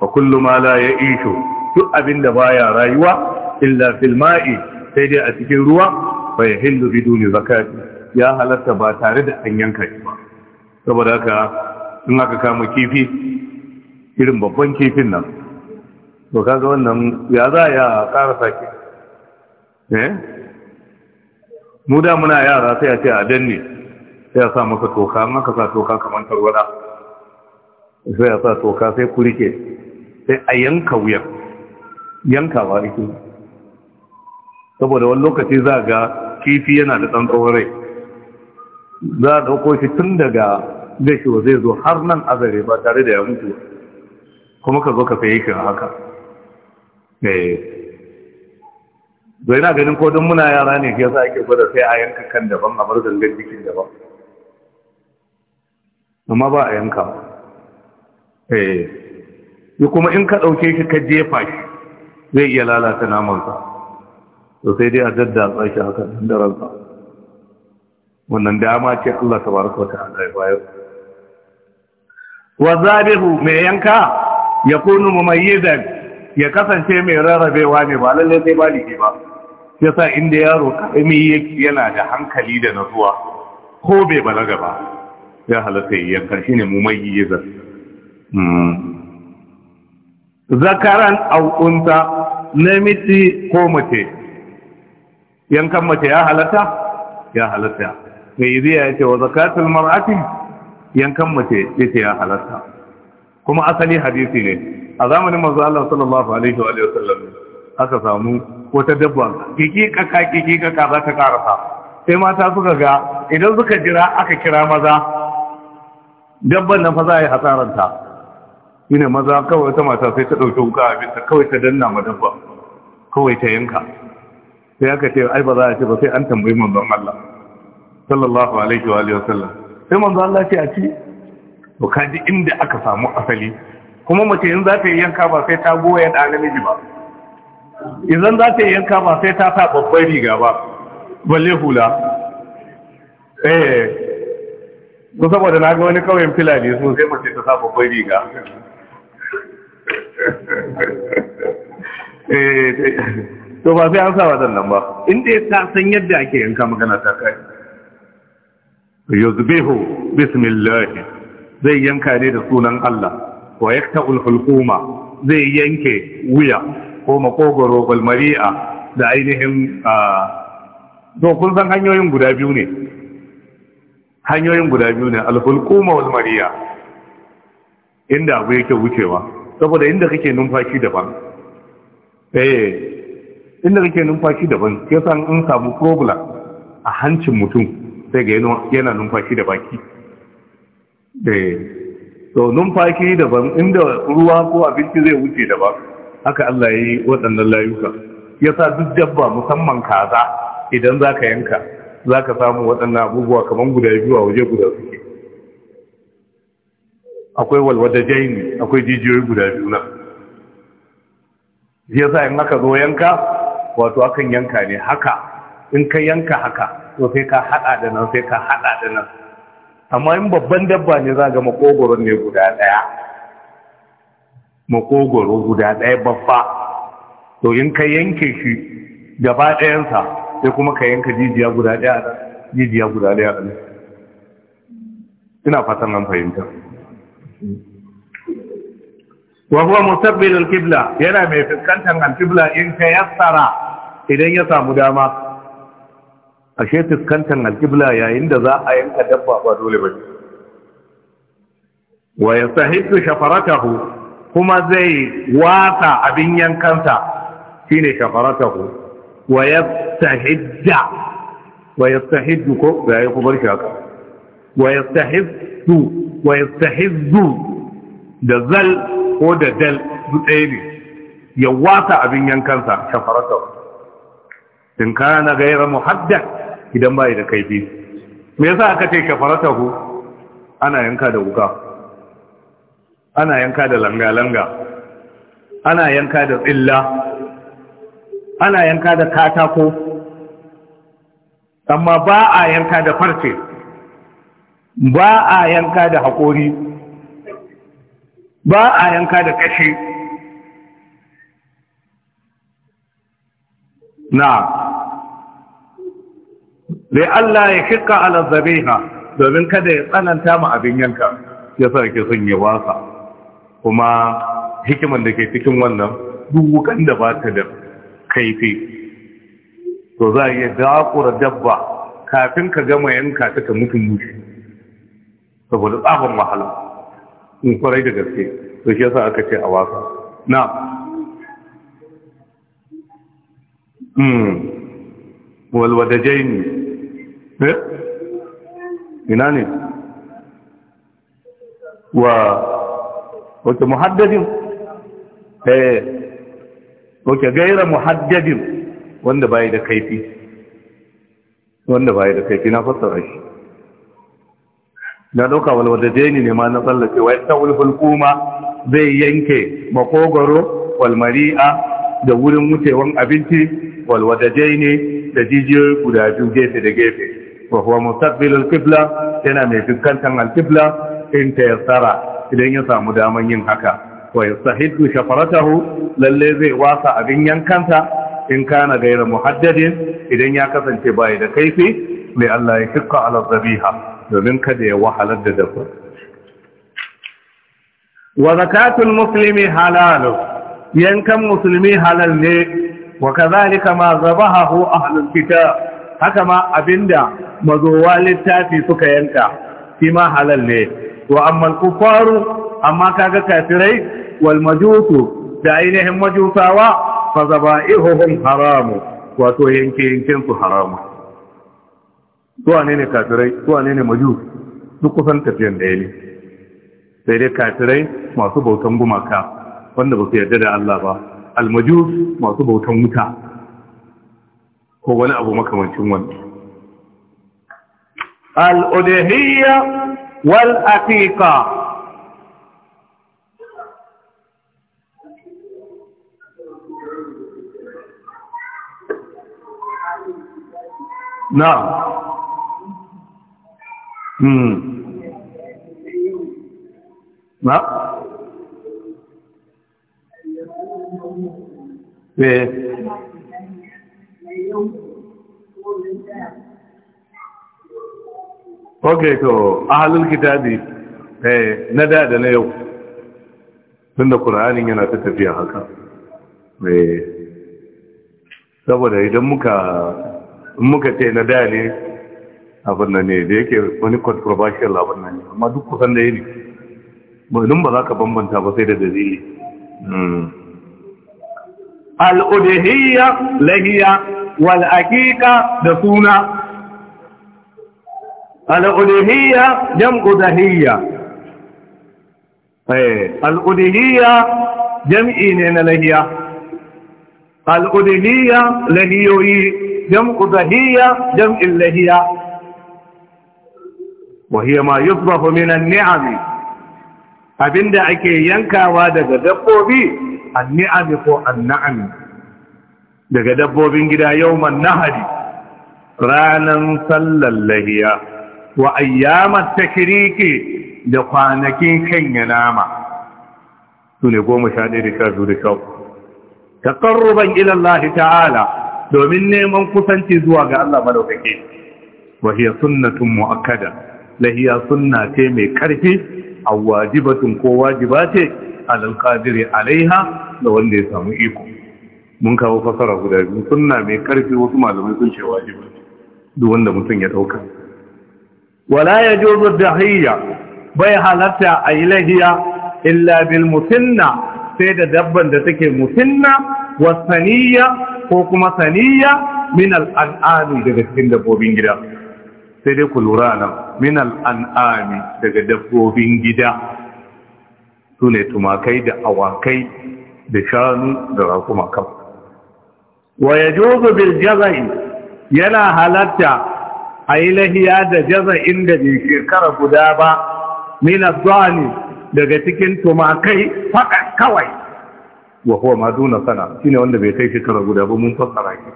[SPEAKER 1] wa kullu ma la ya'ishu duk abinda baya rayuwa illa fil ma'i sai dai a cikin ruwa fa yahillu biduni zakati ya halatta ba tare da an yanka shi ba saboda haka in aka kama kifi irin babban kifin nan to kaga wannan ya za ya karasa ki eh mu da muna yara sai a ce a danne sai a sa masa toka in aka sa toka kamar tarwada sai a sa toka sai ku rike sai a yanka wuyan yankawa ake saboda wani lokaci za ga kifi yana da ɗan tsawon za a ɗauko shi tun daga gashiwa zai zo har nan azare ba tare da ya mutu kuma ka zo ka saye shi haka zai eh. na ganin kodin muna yara ne ya a ke gwada sai a yanka kan daban a bar gangan jikin daban amma ba a yanka eh shi kuma in ka ɗauke shi ka jefa shi zai iya lalata namansa to sai dai a a shi haka da ransa wannan dama ce Allah ta wata ala ya bayar wa zabihu mai yanka ya kunu mumayyizan ya kasance mai rarrabewa ne ba lalle sai ke ba yasa inda yaro karami yana da hankali da natsuwa. ko bai balaga ba ya halatta yanka shine mumayyizan mm zakaran aukunta unta namiji ko mace yankan mace ya halatta ya halatta mai riya yace wa zakatul mar'ati yankan mace yake ya halatta kuma asali hadisi ne a zamanin manzo Allah sallallahu alaihi wa sallam aka samu wata dabba kiki kaka kiki kaka za ta karasa sai mata suka ga idan suka jira aka kira maza dabban nan fa za a yi hasaranta shi ne maza kawai ta mata sai ta ɗauki wuka abinta kawai ta danna madafa dabba kawai ta yanka sai aka ce ai ba za a ce ba sai an tambayi manzon Allah sallallahu alaihi wa sallam sai manzon Allah ce a ci to kaji inda aka samu asali kuma mace in za ta yi yanka ba sai ta goya da namiji ba idan za ta yi yanka ba sai ta sa babbar riga ba balle hula eh ko saboda na ga wani kawai filali sun sai mace ta sa babbar riga Eh, eh, to ba sai an sa nan ba inda ya ta san yadda ake yanka magana ta kai yuzbihu bismillah zai yanka ne da sunan Allah wa yakta'ul hulquma zai yanke wuya ko makogoro wal mari'a da ainihin to kun san hanyoyin guda biyu ne hanyoyin guda biyu ne al hulquma wal mari'a inda abu yake wucewa saboda inda kake numfashi daban eh inda kake numfashi daban san in samu problem a hancin mutum sai ga yana numfashi da baki eh to numfashi daban inda ruwa ko abinci zai wuce daban haka Allah yi waɗannan layuka yasa duk dabba musamman kaza idan zaka yanka zaka samu waɗannan abubuwa kaman guda biyu a waje guda suke akwai jaini akwai jijiyoyi guda biyu na sa in aka zo yanka wato akan yanka ne haka in ka yanka haka to sai ka hada da nan sai ka hada da nan amma in babban dabba ne za ga makogoro ne guda daya makogoro guda daya babba to in ka yanke shi gaba dayansa sai kuma ka yanka jijiya guda daya jijiya guda daya ina fatan an fahimta wa huwa mustaqbilul qibla yana mai fuskantar al-qibla in ka yassara idan ya samu dama ashe fuskantar al-qibla yayin da za a yanka dabba ba dole ba wa yastahidu shafaratahu kuma zai wata abin yankansa shine shafaratahu wa yastahidda wa yastahiddu ko ga ya kubar shaka wa yastahiddu wa yastahizzu da zal ko da dal duk ɗaya ne ya wasa abin yankansa shafarata in kana gaira muhaddad idan bai da kaifi me yasa aka ce shafarata ku ana yanka da wuka ana yanka da langa-langa ana yanka da tsilla ana yanka da katako amma ba a yanka da farce ba a yanka da haƙori ba a yanka da kashe. na da Allah ya shikka ala zabiha domin kada ya tsananta ma abin yanka ya sarki sun yi wasa kuma hikiman da ke cikin wannan duwukan da ba ta da kaifi to za a iya dakura dabba kafin ka gama yanka ta ka mutum saboda tsabon wahala in kwarai da gaske to shi yasa aka ce a wasa na hmm walwadajai ne ina ne wa wata muhaddadin eh wata gaira muhaddadin wanda bai da kaifi wanda bai da kaifi na fassara shi na dauka walwadaje ne ma na tsallake wa ta ulful kuma zai yanke makogoro walmari'a da wurin wucewan abinci walwadaje ne da jijiyoyi guda biyu gefe da gefe wa huwa mustaqbilul qibla yana mai fuskantar alqibla in ta yassara idan ya samu daman yin haka wa yastahiddu shafaratahu lalle zai wasa abin yankanta in kana gaira muhaddadin idan ya kasance bai da kaifi mai Allah ya shikka ala zabiha domin kada ya wahalar da dabba wa zakatul muslimi halalu yankan musulmi halal ne wa kazalika ma zabahahu ahlul kitab haka ma abinda mazowa littafi suka yanka shi ma halal ne wa amma kufaru amma kaga kafirai wal majusu da ainihin majusawa fa zaba'ihuhum haramu wato yanke yankin su haramu su ne ne kafirai su ne ne majus duk kusan tafiyan ya ne sai dai kafirai masu bautan gumaka wanda ba su yarda da Allah ba almajus masu bautan wuta ko wani abu makamancin wani al-udhiyya wal aqiqa
[SPEAKER 2] na'am ba hmm.
[SPEAKER 1] eh ok to ahalul kitabi eh na da da na yau tunda qur'anin yana ta tafiya haka eh saboda idan muka muka ce na da ne abin nan ne da yake wani controversial abin nan ne amma duk kusan da yi ne dun ba za ka bambanta ba sai da dalili hmm. al'udahiyya lahiya wal'aƙiƙa da suna al'udahiyya jam'u dahiyya eh, al'udahiyya jam'i ne na lahiya al'udahiyya lahiyoyi jam'u dahiyya jam'in lahiya wa hiya ma yusrafu min an-ni'am abinda ake yankawa daga dabbobi an-ni'am ko an-na'am daga dabbobin gida yawman nahari Ranar sallar lahiya wa ayyamat takriki da kwanakin kanya nama su goma sha ɗaya da sha biyu da sha taƙarruban ilallahi ta'ala domin neman kusanci zuwa ga Allah madaukake wa hiya sunnatun mu'akkada lahiya sunna ce mai karfi a wajibatun ko wajiba ce alal alaiha da wanda ya samu iko mun kawo fasara guda biyu sunna mai karfi wasu malamai sun ce wajiba duk wanda mutum ya dauka wala da hayya bai halatta a yi lahiya illa bil musinna sai da dabban da take musinna wa saniya ko kuma saniya min al'adu daga cikin dabbobin gida sai dai ku lura nan minal an'ami daga dabbobin gida su ne tumakai da awakai da shanu da rakuma kam wa ya bil jaza'i yana halatta a yi lahiya da jaza'in da bai shekara guda ba minal ne daga cikin tumakai kawai wa huwa ma duna sana shine wanda bai kai shekara guda ba mun fassara shi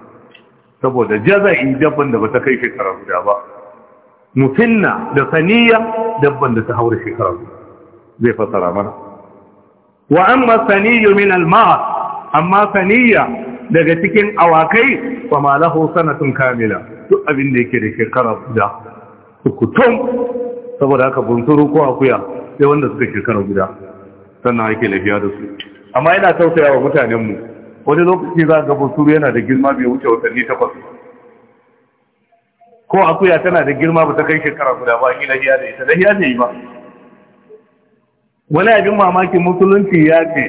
[SPEAKER 1] saboda jaza'i dabban da ba ta kai shekara guda ba mutunna da saniya dabban da ta haura shekara zai fasara mana wa amma saniyu min al maa amma saniya daga cikin awakai fa ma lahu sanatun kamila duk abin da yake da shekara guda kutum saboda haka bunturu ko akuya sai wanda suka shekara guda sannan ake lafiya da su amma yana tausayawa wa mutanenmu wani lokaci za ga bunturu yana da girma bai wuce watanni takwas ko akuya tana da girma ba ta kai shekara guda ba ni lahiya da ita lahiya da yi ba wani abin mamakin musulunci ya ce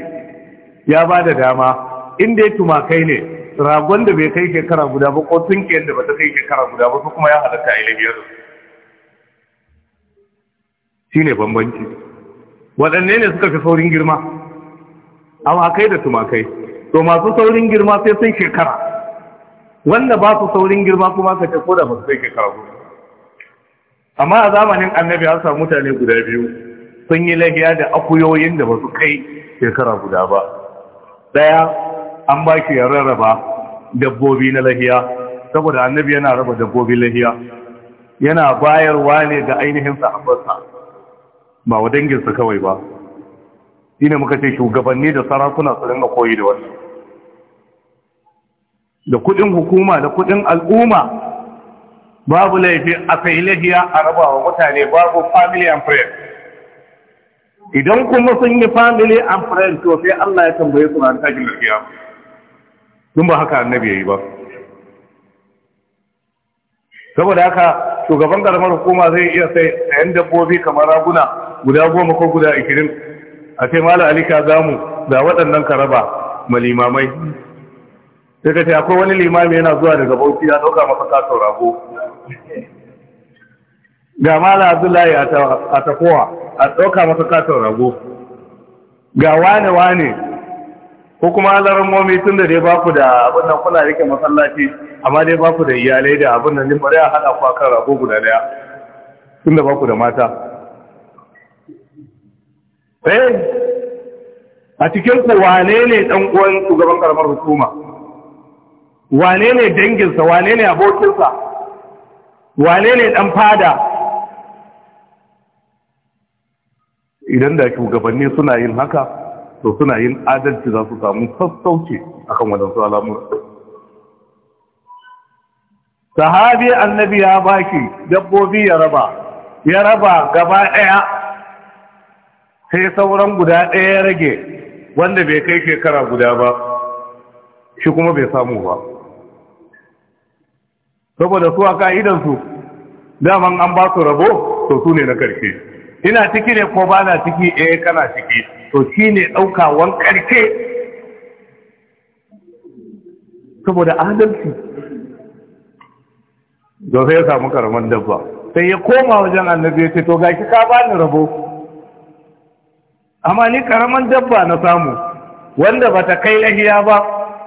[SPEAKER 1] ya ba da dama inda ya tumakai ne ragon da bai kai shekara guda ba ko tunkiyar da ba ta kai shekara guda ba su kuma ya halatta a ilahiyar shi ne bambanci waɗanne ne suka fi saurin girma awakai da tumakai to masu saurin girma sai sun shekara wanda ba su saurin girma kuma ka ko da ba su kai kawo amma a zamanin annabi an samu mutane guda biyu sun yi lahiya da akuyoyin da ba su kai shekara guda ba daya an ba ki rarraba dabbobi na lahiya saboda annabi yana raba dabbobi lahiya yana bayarwa ne ga ainihin sahabbansa ba wa danginsa kawai ba shine muka ce shugabanni da sarakuna su dinga koyi da wannan da kudin hukuma da kudin al'umma babu laifi a kai lahiya a rabawa mutane babu family and friends. idan kuma sun yi family and friends to sai Allah ya tambaye su ran tajin lafiya dun ba haka annabi yayi ba saboda haka shugaban karamar hukuma zai iya sai sayan dabbobi kamar raguna guda goma ko guda 20 a ce mala alika zamu ga waɗannan karaba malimamai sai ka ce akwai wani limami yana zuwa daga bauchi ya dauka masa katon rago ga mala abdullahi a takowa a dauka masa katon rago ga wane wane ko kuma alarin momi tun da dai ba ku da abin nan kuna rike masallaci amma dai ba ku da iyalai da abin nan bari a haɗa ku akan rago guda daya tun da ba ku da mata eh a cikin ku wane ne dan uwan shugaban karamar hukuma wane ne danginsa wane ne abokinsa wane ne ɗan fada idan da shugabanni suna yin haka to suna yin adalci za su samu a akan wadansu alamun sahabi annabi ya baki dabbobi ya raba ya raba gaba ɗaya sai sauran guda ɗaya ya rage wanda bai kai shekara guda ba shi kuma bai samu ba saboda su a ka'idansu daman an ba su rabo to su ne na karshe ina ciki ne ko ba na ciki eh kana ciki to shi ne ɗaukawan karshe saboda adalci da sai ya samu karaman dabba sai ya koma wajen annabi ya ce to ga ki ka ba ni rabo amma ni karaman dabba na samu wanda bata kai lahiya ba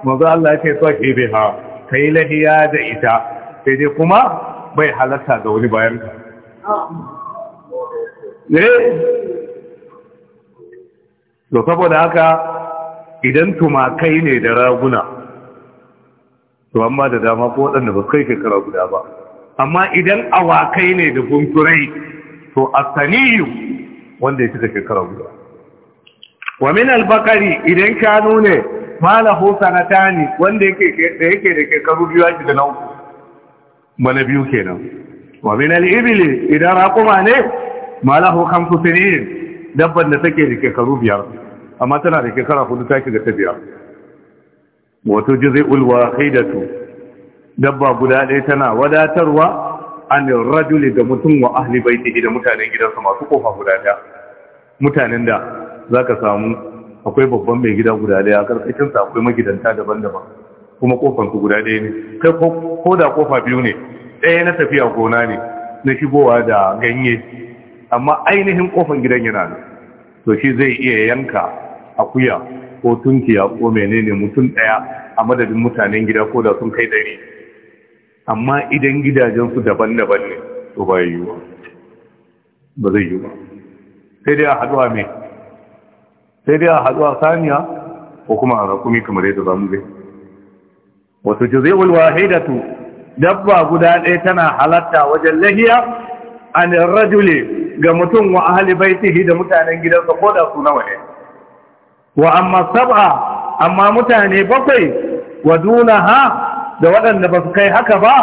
[SPEAKER 1] manzo Allah ya ce to ke biha kai lahiya da ita sai dai kuma bai halatta ga wani bayan ka eh. to saboda haka idan tumakai ne da raguna to amma da dama ko waɗanda ba kai shekara guda ba amma idan awakai ne da gunturai to a saniyu wanda ya cika shekara guda wa min albakari idan kanu ne ma sanatani wanda yake wanda yake da shekaru biyu ake da uku. bana biyu kenan wa min al-ibli idan raquma ne malahu khamsu sinin dabban da take da shekaru biyar amma tana da shekara hudu take da ta biyar wato juz'ul wahidatu dabba guda ɗaya tana wadatarwa an rajuli da mutum wa ahli baitihi da mutanen gidansa masu kofa guda ɗaya mutanen da zaka samu akwai babban mai gida guda ɗaya karkashin sa akwai magidanta daban-daban kuma kofar ku guda ɗaya ne kai ko da kofa biyu ne ɗaya na tafiya gona ne na shigowa da ganye amma ainihin kofar gidan yana nan to shi zai iya yanka akuya ko tunkiya ko menene mutum ɗaya a madadin mutanen gida ko da sun kai ɗari amma idan gidajensu daban-daban ne to ba yiwuwa ba zai yiwu ba sai dai a haɗuwa mai sai dai a haɗuwa saniya ko kuma a rakumi kamar yadda za mu gai wato juzi'ul wahidatu dabba guda ɗaya tana halatta wajen lahiya an rajuli ga mutum wa ahli baitihi da mutanen gidansa ko da su nawa ne wa amma sab'a amma mutane bakwai wa dunaha da waɗanda ba su kai haka ba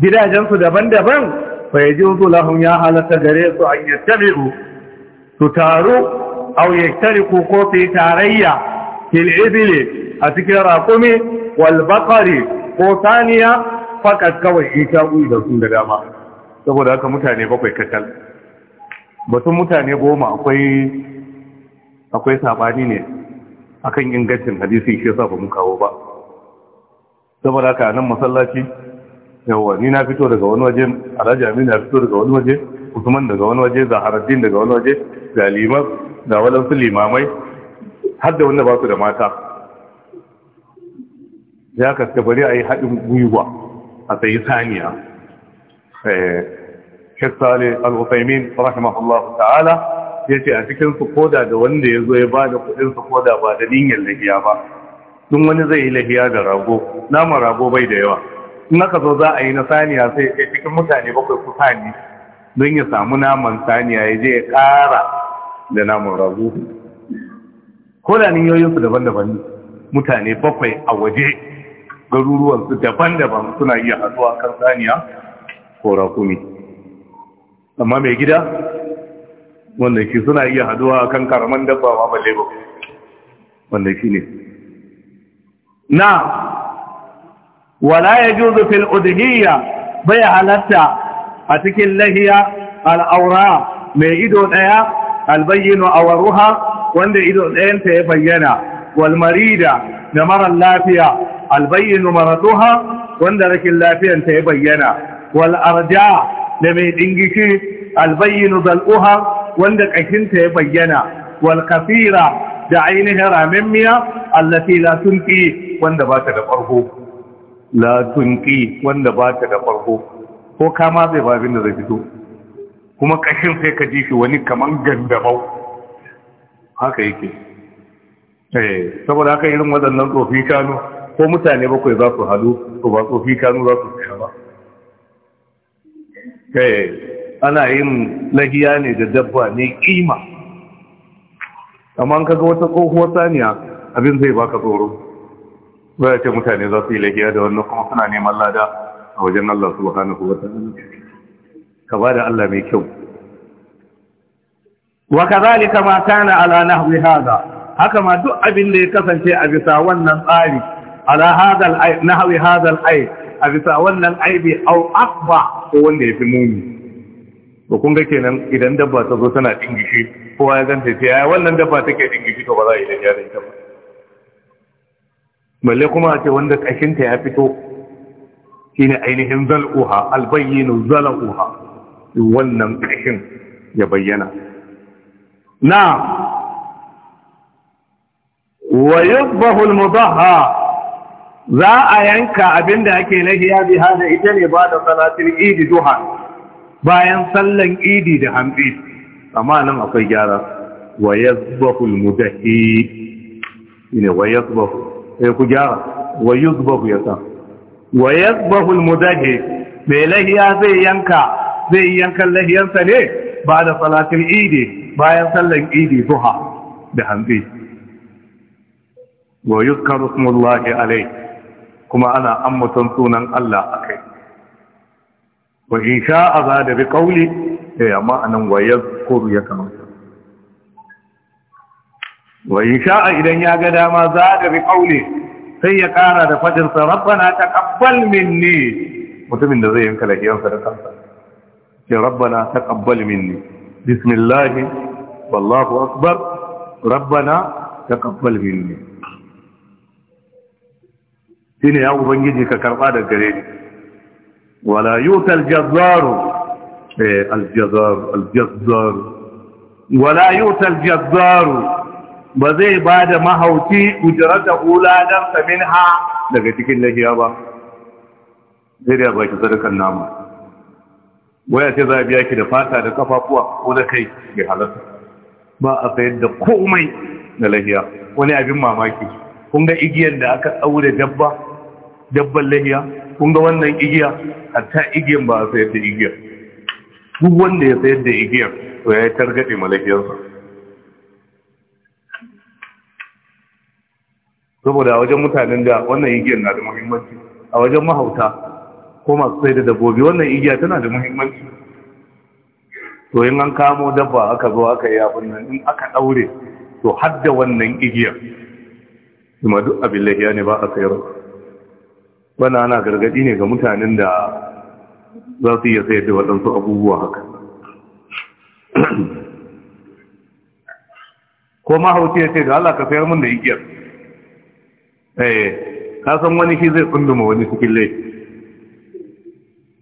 [SPEAKER 1] gidajensu daban-daban fa yajuzu lahum ya halatta gare su an yattabi'u su taru aw yaktariku ko su tarayya fil'ibili a cikin raƙumi walbakari ko saniya fakat kawai ita uyi da su da dama saboda haka mutane bakwai kacal batun mutane goma akwai akwai sabani ne akan ingancin hadisi shi yasa ba mu kawo ba saboda haka nan masallaci yawa ni na fito daga wani waje alhaji amin na fito daga wani waje usman daga wani waje zaharaddin daga wani waje ga limar da waɗansu limamai har da wanda ba su da mata ya kasta bari a yi haɗin gwiwa a sayi saniya eh, shekhtali al-usaimin rahimahullahu ta'ala ya ce a cikin su koda da wanda ya zo ya ba da kudin su koda ba da niyyar lahiya ba dun wani zai yi lahiya da rago naman rago bai da yawa in aka zo za a yi na saniya sai ya cikin mutane bakwai ku sani don ya samu naman saniya ya je ya kara da naman rago ko da niyoyinsu daban-daban mutane bakwai a waje garuruwansu daban-daban suna iya haduwa kan saniya ko rakumi amma mai gida wanda shi suna iya haduwa kan karaman dabba ma balle ba wanda shi ne na wala ya juzu fil udhiyya bai halatta a cikin lahiya al'aura mai ido ɗaya albayyano awaruha wanda ido ɗayanta ya bayyana walmarida da marar lafiya albayyinu maratuha wanda rakin lafiyanta ya bayyana wal'arja da mai ɗingishi albayyinu zal'uha wanda ƙashinta ya bayyana walkafira da ainihin ramimmiya allafi latunki wanda ba ta da farko latunki wanda ba ta da farko ko kama zai babin da zai fito kuma ƙashin sai ka ji shi wani kaman gandamau haka yake eh saboda haka irin waɗannan tsofi kanu ko mutane bakwai za su halu ko ba tsofi kanu za su tsaya ba eh ana yin lahiya ne da dabba ne kima amma kaga wata tsohuwar saniya abin zai baka tsoro ba ya ce mutane za su yi lahiya da wannan kuma suna neman lada a wajen Allah subhanahu wa ta'ala ka ba da Allah mai kyau wa kazalika ma kana ala nahwi hada haka ma duk abin da ya kasance a bisa wannan tsari ala hadal ay nahwi a bisa wannan aibi au akba ko wanda ya fi muni to kun ga kenan idan dabba ta zo tana dingishi kowa ya ganta ta yaya wannan dabba take dingishi to ba za a yi ta kuma wanda ya fito shine ainihin zal'uha albayyinu zal'uha wannan kashin ya bayyana na wa yuzbahu za a yanka abinda ake lahiya bi hada ita ne ba da salatin idi duha bayan sallan idi da hamdi amma nan akwai gyara wa yuzbahu al-mudahi ne wa yuzbahu sai ku gyara wa yuzbahu yasa wa yuzbahu al bai lahiya zai yanka zai yankan lahiyarsa ne ba da salatin idi bayan sallan idi duha da hantsi wa yuzkaru smullahi alai kuma ana ammutan sunan Allah akai wa in sha'a zada bi qawli eh amma anan wa yazkuru ya kamata wa in sha'a idan ya ga dama za zada bi qawli sai ya kara da fadin sa rabbana taqabbal minni mutumin da zai yanka lahiyarsa da kansa ce rabbana taqabbal minni بسم الله والله أكبر ربنا تقبل مني تيني أو بنجيجي ككرباد الكريم ولا يوت الجزار إيه، الجزار الجزار ولا يوت الجزار بزي بعد ما هوتي أجرت أولادا منها لقد تكن لك يا أبا غير يا أبا كسرك النامة waya ce za a biya ki da fata da kafafuwa ko da kai bai halarta ba a sayar da komai na lahiya wani abin mamaki kun ga igiyar da aka aure dabba dabban lahiya kun ga wannan igiya hatta igiyar ba a sayar da igiyar duk wanda ya sayar da igiyar to ya yi targaɗe malakiyarsa saboda a wajen mutanen da wannan igiyar na da muhimmanci a wajen mahauta ko masu sai da dabbobi wannan igiya tana da muhimmanci to in an kamo dabba aka zo aka yi abin nan in aka daure to hadda wannan igiyar kuma duk abin lahiya ne ba a sayar wannan ana gargadi ne ga mutanen da za su iya sayar da waɗansu abubuwa haka ko mahauci ya ce da Allah ka sayar mun da igiyar eh ka san wani shi zai tsunduma wani cikin laifi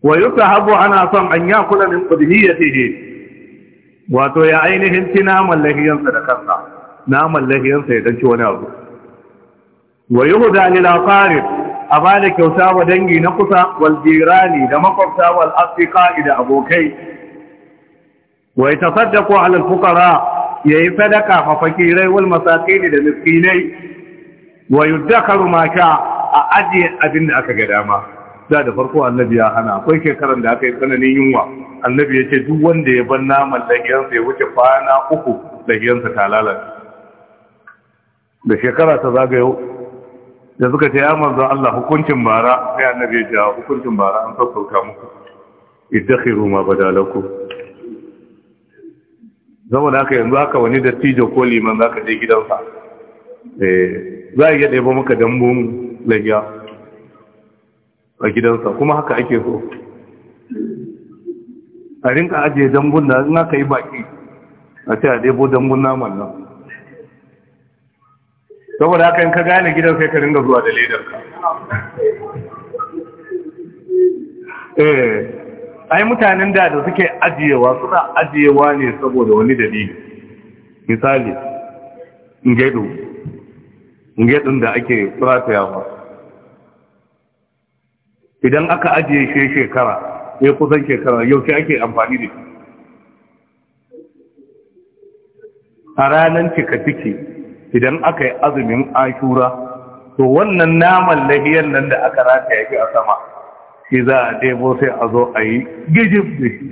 [SPEAKER 1] wa Habu ana son an yakula min qudhiyatihi wato ya ainihin ci naman lahiyarsa da kansa naman lahiyansa ya danci wani abu wa yuhda lil aqarib a ba da kyauta wa dangi na kusa wal jirani da makwabta wal asfiqai da abokai wa yatasaddaqu ala al ya yayi sadaka fa fakirai wal masakin da miskinai wa yuddakaru ma sha a ajiye abin da aka ga dama da da farko annabi ya hana akwai shekaran da aka yi tsananin yunwa annabi ya ce duk wanda ya bar naman lahiyansa ya wuce kwana uku lahiyansa ta lalata da shekara ta zagayo da suka ce ya manzo Allah hukuncin bara sai annabi ya ce hukuncin bara an sassauta muku idakhiru ma badalaku zama da haka yanzu haka wani dattijo ko liman zaka je gidansa eh za a iya ba maka dambun lagiya. a gidansa kuma haka ake so a rinka ajiye dambun na in aka yi baki a ce a debo dambun naman nan saboda haka in ka gane gidan sai ka zuwa da ledar ka eh ai mutanen da da suke ajiyewa suna ajiyewa ne saboda wani dalili misali ngedo ngedon da ake rataya ba idan aka ajiye shi shekara ya kusan shekara yaushe ake amfani da shi a ranar cika ciki idan aka yi azumin ashura to wannan naman lahiyar nan da aka rata ya fi a sama shi za a ɗebo sai a zo a yi gijib da shi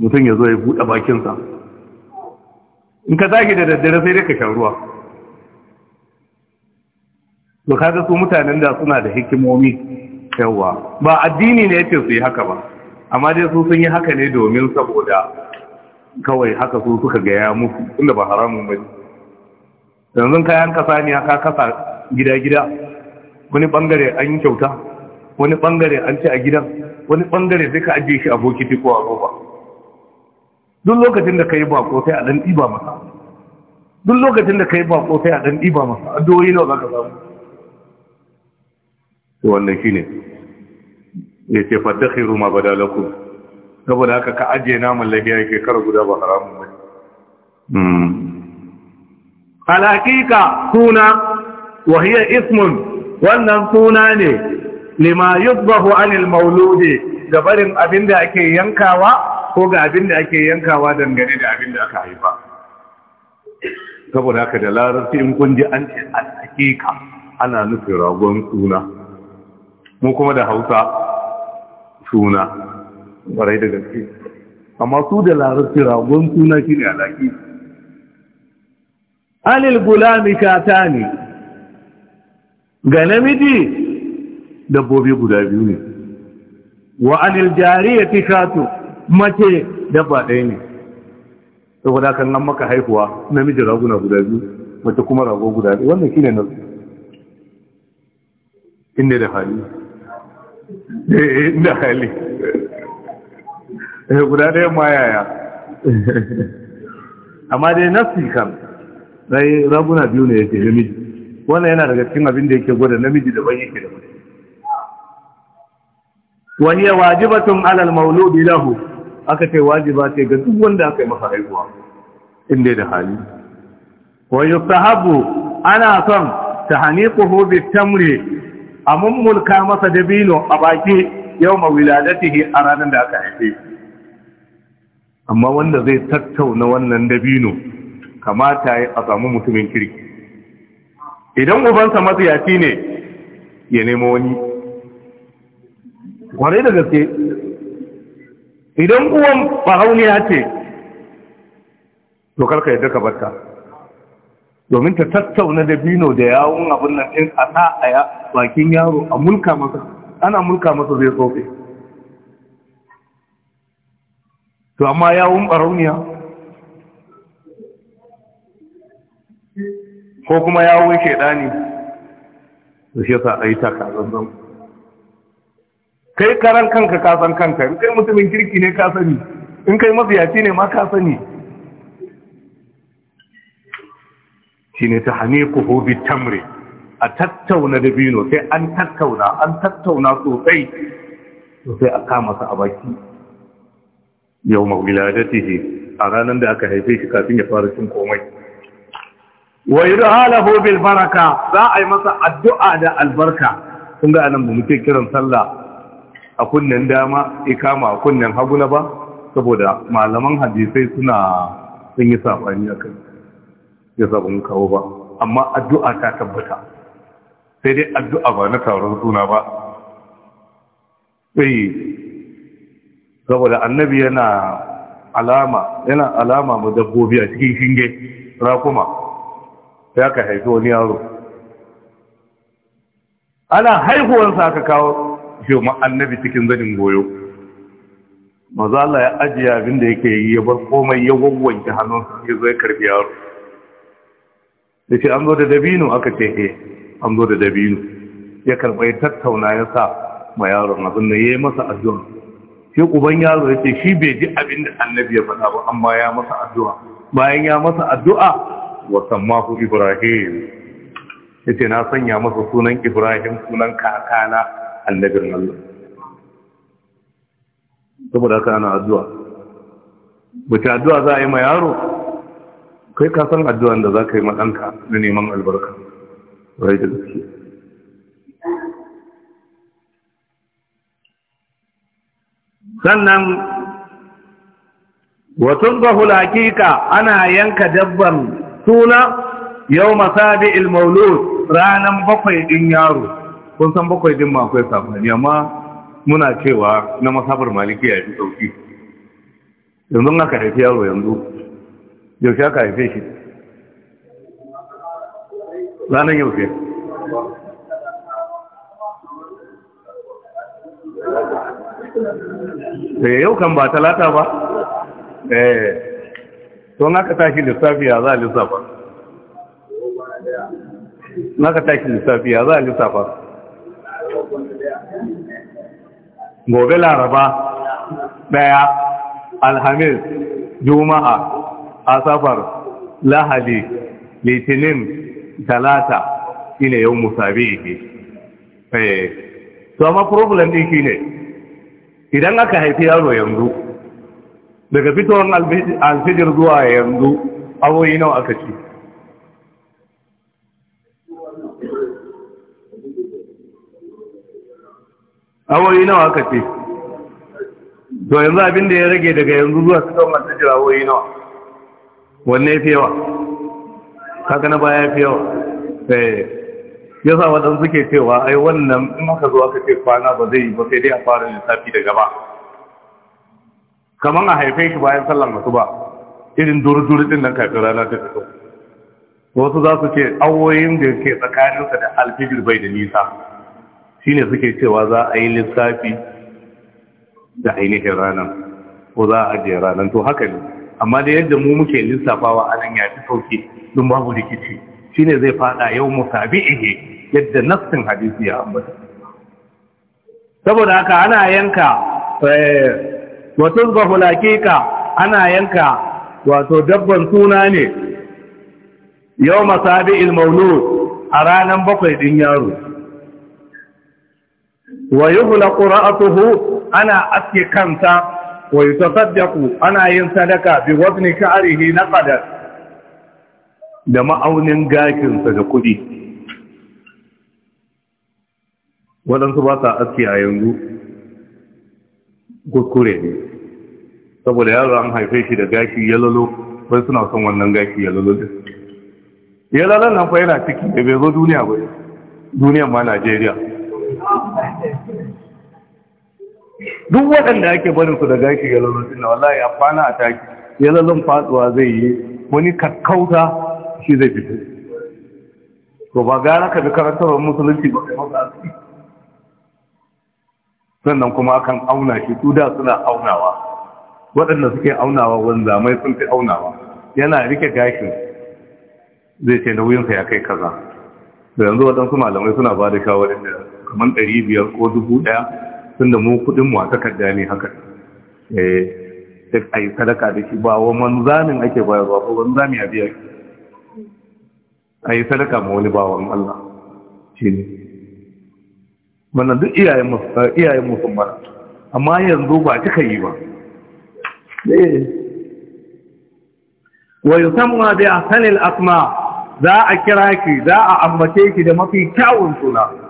[SPEAKER 1] mutum ya zo ya buɗe bakinsa in ka zagi da daddare sai dai ka sha ruwa ba kaga su mutanen da suna da hikimomi yawa ba addini ne yake su yi haka ba amma dai su sun yi haka ne domin saboda kawai haka su suka gaya musu inda ba haramun ba yanzu kayan kasa ne haka kasa gida-gida wani bangare an yi kyauta wani bangare an ci a gidan wani bangare sai ka ajiye shi a bokiti ko a roba duk lokacin da ka yi bako sai a dan masa duk lokacin da ka yi bako sai a dan ɗiba masa addu'o'i nawa za ka samu wannan ne. Ya ce fadda fadakhiru ma badalakum saboda haka ka ajiye naman lafiya yake kar guda ba haramun ba mm suna kuna wa hiya ismun wannan kuna ne lima yudbahu anil mauludi barin abinda ake yankawa ko ga abin da ake yankawa dangane da abin da aka haifa saboda haka da larabci in kun ji an ce alhakika ana nufin ragon suna mu kuma da hausa suna barai da gaske amma su da larabci ragon suna shi ne alaƙi anil gulami kata ne ga namiji dabbobi guda biyu ne wa anil fi kato mace dabba ɗaya ne saboda kan nan maka haihuwa namiji raguna guda biyu mace kuma rago guda biyu wannan shine nasu inda da hali eh inda hali eh guda ɗaya ma yaya amma dai nafsi kan sai raguna biyu ne yake namiji wannan yana daga cikin abin da yake gwada namiji daban yake da mutum wani ya wajibatun alal mauludi lahu aka ce wajiba ce ga duk wanda aka yi masa haihuwa inda da hali wa yustahabu ana son ta tahaniquhu bitamri a mummulka masa dabino a baki yau mawiladatihi a ranar da aka haife amma wanda zai tattauna wannan dabino kamata ya a samu mutumin kirki idan ubansa matsayaci ne ya nemo wani kwarai da gaske idan uwan fahauniya ce to karka yadda ka barta domin ta tattauna da bino da yawon abin nan ɗin a sa a bakin yaro a mulka masa ana mulka masa zai tsofe to amma yawon barauniya ko kuma yawon shaidani da shi yasa a yi takazan kai karan kanka kasan kanka in kai mutumin kirki ne ka sani in kai mafiyaci ne ma ka sani shine ta haniquhu bitamri a tattauna dabino sai an tattauna an tattauna sosai sosai a kama su a baki yau mawiladatihi a ranar da aka haife shi kafin ya fara cin komai wa yudhalahu bil baraka za a yi masa addu'a da albarka kun ga nan ba muke kiran sallah a kunnen dama ikama a kunnen hagu na ba saboda malaman hadisai suna sun yi safani a kai ya sa ban kawo ba amma addu'a ta tabbata sai dai addu'a ba na taron suna ba sai saboda annabi yana alama yana alama mu dabbobi a cikin shinge rakuma sai aka haifi wani yaro ana haihuwarsa aka kawo shi ma annabi cikin zanin goyo maza Allah ya ajiye abin da yake yi ya bar komai ya wawwanke hannun ya zo ya karbi yaro da ce an zo da dabino aka ce eh an zo da dabino ya karɓa ya tattauna ya sa ma yaron abin da ya yi masa addu'a shi uban yaro ya ce shi bai ji abin da annabi ya faɗa ba amma ya masa addu'a bayan ya masa addu'a wa sammahu ibrahim ya ce na sanya masa sunan ibrahim sunan kakana annabin allah saboda haka ana addu'a wace addu'a za a yi ma yaro kai ka san addu'an da za ka yi maɗanka na neman albarka rai da gaske sannan watun zahul hakika ana yanka dabban suna yau masabi ilmaulud ranar bakwai ɗin yaro kun san bakwai ɗin makwai safani amma muna cewa na masabar maliki ya fi sauki yanzu aka haifi yaro yanzu yaushe aka haife shi ranar yaushe eh yau kan ba talata ba eh to aka tashi lissafi ya za a lissafa naka tashi lissafi ya za a lissafa gobe laraba daya alhamis juma'a asafar lahadi litinin talata shine yau musabi ne eh to amma problem din shine idan aka haifi yaro yanzu daga fitowar alfijir zuwa yanzu awoyi nawa aka ci awoyi nawa aka ci to yanzu abin da ya rage daga yanzu zuwa fitowar alfijir awoyi nawa wanne fi yawa na baya fi yawa eh yasa wadan suke cewa ai wannan in aka zo aka ce kwana ba zai yi ba sai dai a fara lissafi da gaba kaman a haife shi bayan sallan ba, irin dur-duri din nan kafin rana ta fito wasu za su ce awoyin da ke tsakaninsa da alfijir bai da nisa shine suke cewa za a yi lissafi da ainihin ranar ko za a ajiye ranar to haka ne amma da yadda mu muke lissafawa a nan ya fi sauki dun babu rikici shine zai fada yau musabi'ihi yadda nassin hadisi ya ambata saboda haka ana yanka eh, wato zubahu laqiqa ana yanka wato dabban suna ne yau masabi'il maulud a ranan bakwai din yaro wa yuhla qira'atuhu ana aske kanta wa yutasaddaqu ana yin sadaka bi wazni ka'rihi na qadar da ma'aunin gashin da kuɗi. Waɗansu ba sa aski a yanzu kuskure ne saboda yaro an haife shi da gashi yalolo wai suna son wannan gashi yalolo din yalolon na fa yana ciki da bai zo duniya ba duniya ma Najeriya duk waɗanda ake barin su da gashi ya lalun suna wallahi a kwana a taki ya lalun fatsuwa zai yi wani kakkauta shi zai fito to ba gara ka bi karantarwar musulunci ba kai mafi asiri sannan kuma akan auna shi su da suna aunawa waɗanda suke aunawa wanda mai sun fi aunawa yana rike gashin zai ce nauyinsa ya kai kaza da yanzu waɗansu malamai suna ba da shawarar da kamar ɗari biyar ko dubu ɗaya tunda mu kudin mu a takarda ne haka eh duk ai sadaka da shi ba wani manzamin ake bayarwa ko manzami a biya ai sadaka ma wani bawan Allah shi ne. wannan duk iyayen mu eh, iyayen mu sun amma yanzu ba kika yi ba eh wa yusamma bi ahsanil asma za a kira ki za a ambace ki da mafi kyawun suna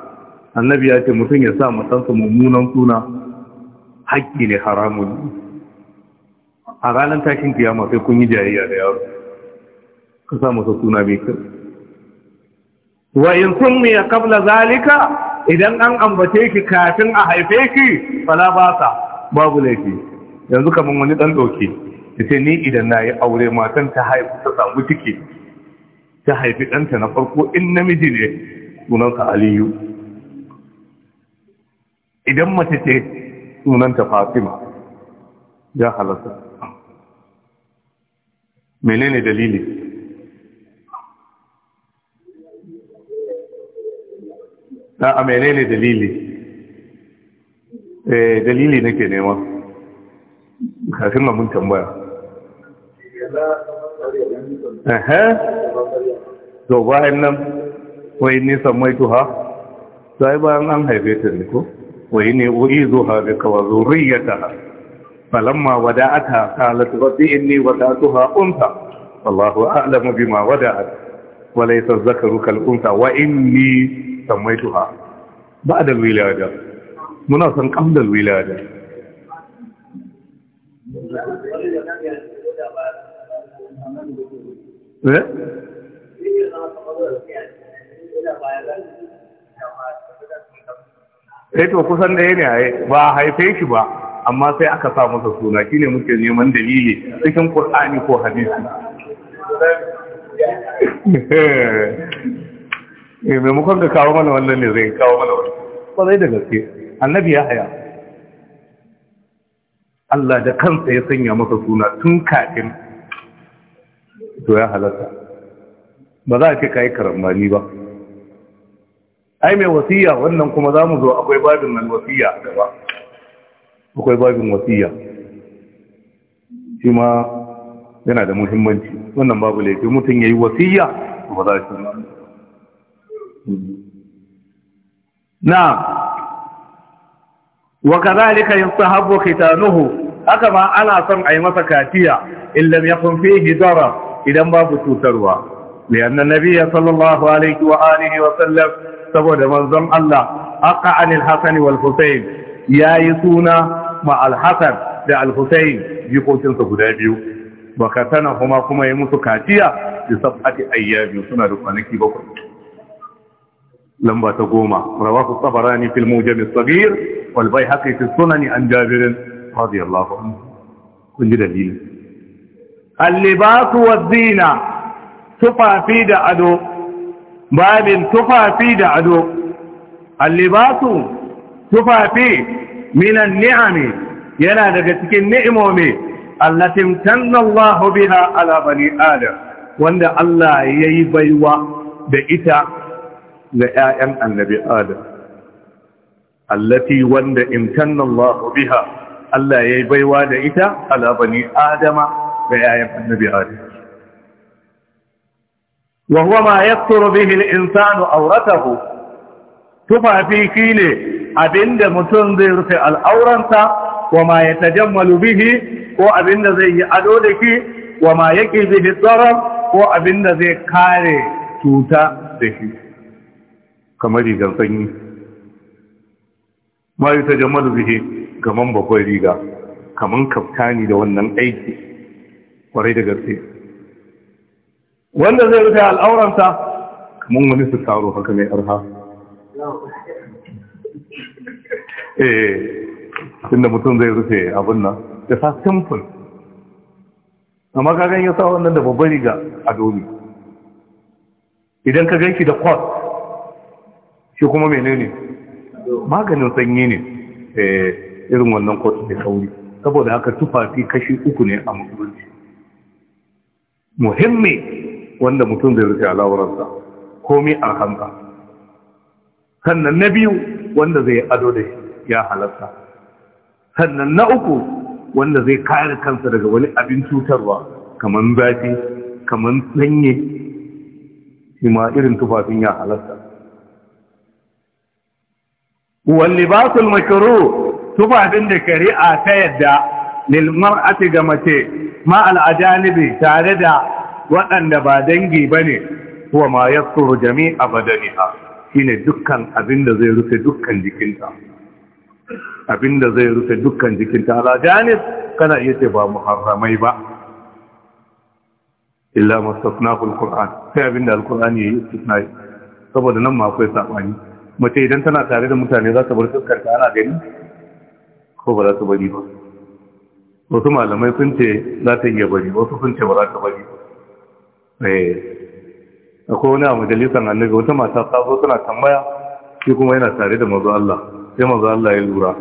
[SPEAKER 1] annabi ya ce mutum ya sa matansa mummunan suna haƙƙi ne haramun a ranar tashin kiyama sai kun yi jayayya da yaro ka sa masa suna mai kyau wa in sun ya kabla zalika idan an ambace ki kafin a haife ki fala ba sa babu laifi yanzu kamar wani ɗan ɗauke ya ce ni idan na yi aure matan ta haifu ta samu ciki ta haifi ɗanta na farko in namiji ne sunansa aliyu idan mace ce sunanta fatima ya halatta menene dalili na a menene dalili eh dalili nake nema kafin mun tambaya eh to bayan nan wai mai tuha sai bayan an haife ta ne ko وإني أعيدها بك وذريتها فلما ودعتها قالت ربي إني ودعتها أنثى والله أعلم بما ودعت وليس الذكر كالأنثى وإني سميتها بعد الولادة مناصا قبل الولادة إيه؟ sai eh to kusan ɗaya ne ba haife shi ba amma sai aka sa masa suna shine muke neman dalili cikin ƙur'ani ko hadisi eh, eh maimakon ka kawo mana wannan ne zai kawo mana wannan zai da gaske annabi ya haya Allah da kansa ya sanya masa suna tun kafin to ya halatta ba za a ce ka yi karambani ba ai mai wasiya wannan kuma za mu zo akwai babin nan wasiya gaba akwai babin wasiya shi ma yana da muhimmanci wannan babu laifi mutum ya yi wasiya ba za shi na wa kadhalika yustahabbu khitanuhu haka ma ana son a yi masa kafiya illam yakun fihi darar idan babu cutarwa na nabiyya sallallahu alaihi wa alihi wa sallam saboda manzon Allah aka anil hasani wal husayn ya yi suna ma al hasan da al husayn jikokinsa guda biyu bakatana kuma kuma yi musu kaciya da sab'ati ayyabi suna da kwanaki bakwai lamba ta goma rawahu tabarani fil mujam as-saghir wal bayhaqi fi sunani an jabir radiyallahu anhu kun ji dalili al-libas wa zina tufafi da ado babin tufafi da ado allibasu tufafi minan ni'ami yana daga cikin ni'imomi allatin tanna Allahu biha ala bani adam wanda Allah yayi baiwa da ita ga 'ya'yan annabi adam allati wanda imtanna biha Allah yayi baiwa da ita ala bani adama ga 'ya'yan annabi adam wa huwa ma yasturu bihi al-insanu awratahu tufafi shine abinda mutum zai rufe al'auransa wa ma yatajammalu bihi ko abinda zai yi ado da shi wa ma yaqi bihi darar ko abinda zai kare cuta da shi kamar rigar sanyi ma yatajammalu bihi kaman bakwai riga kaman kaftani da wannan aiki kwarai da gaske wanda zai rufe al'auransa mun wani su taro haka mai arha eh inda mutum zai rufe abin nan da sa simple amma ka ya sa wannan da babbari riga a idan ka ganki da kwas, shi kuma menene maganin sanyi ne eh, irin wannan kwas da sauri. saboda haka tufafi kashi uku ne a muhimmi wanda mutum zai rufe alawararsa komi a hanga sannan na biyu wanda zai ado da ya halatta sannan na uku wanda zai kare kansa daga wani abin cutarwa kamar zafi kamar sanye shi ma irin tufafin ya halatta Wani ba su makaro tufafin da kari'a ta yadda lilmar ati ga mace ma al'ajanibi tare da waɗanda ba dangi ba ne kuwa ma ya tsoro jami a badaniha shi ne dukkan abinda zai rufe dukkan jikinta abinda zai rufe dukkan jikinta ala janis kana iya ce ba muharramai ba illa mastafnakul qur'an sai abinda yi yayi yi saboda nan ma kai sabani mace idan tana tare da mutane za ta bar dukkan ta ana gani ko ba za ta bari ba wasu malamai sun ce za ta iya bari wasu sun ce ba za ta bari ba A eh, akwai a majalisar annabi wata mata ta zo tana tambaya shi kuma yana tare da mazu Allah sai mazu Allah ya lura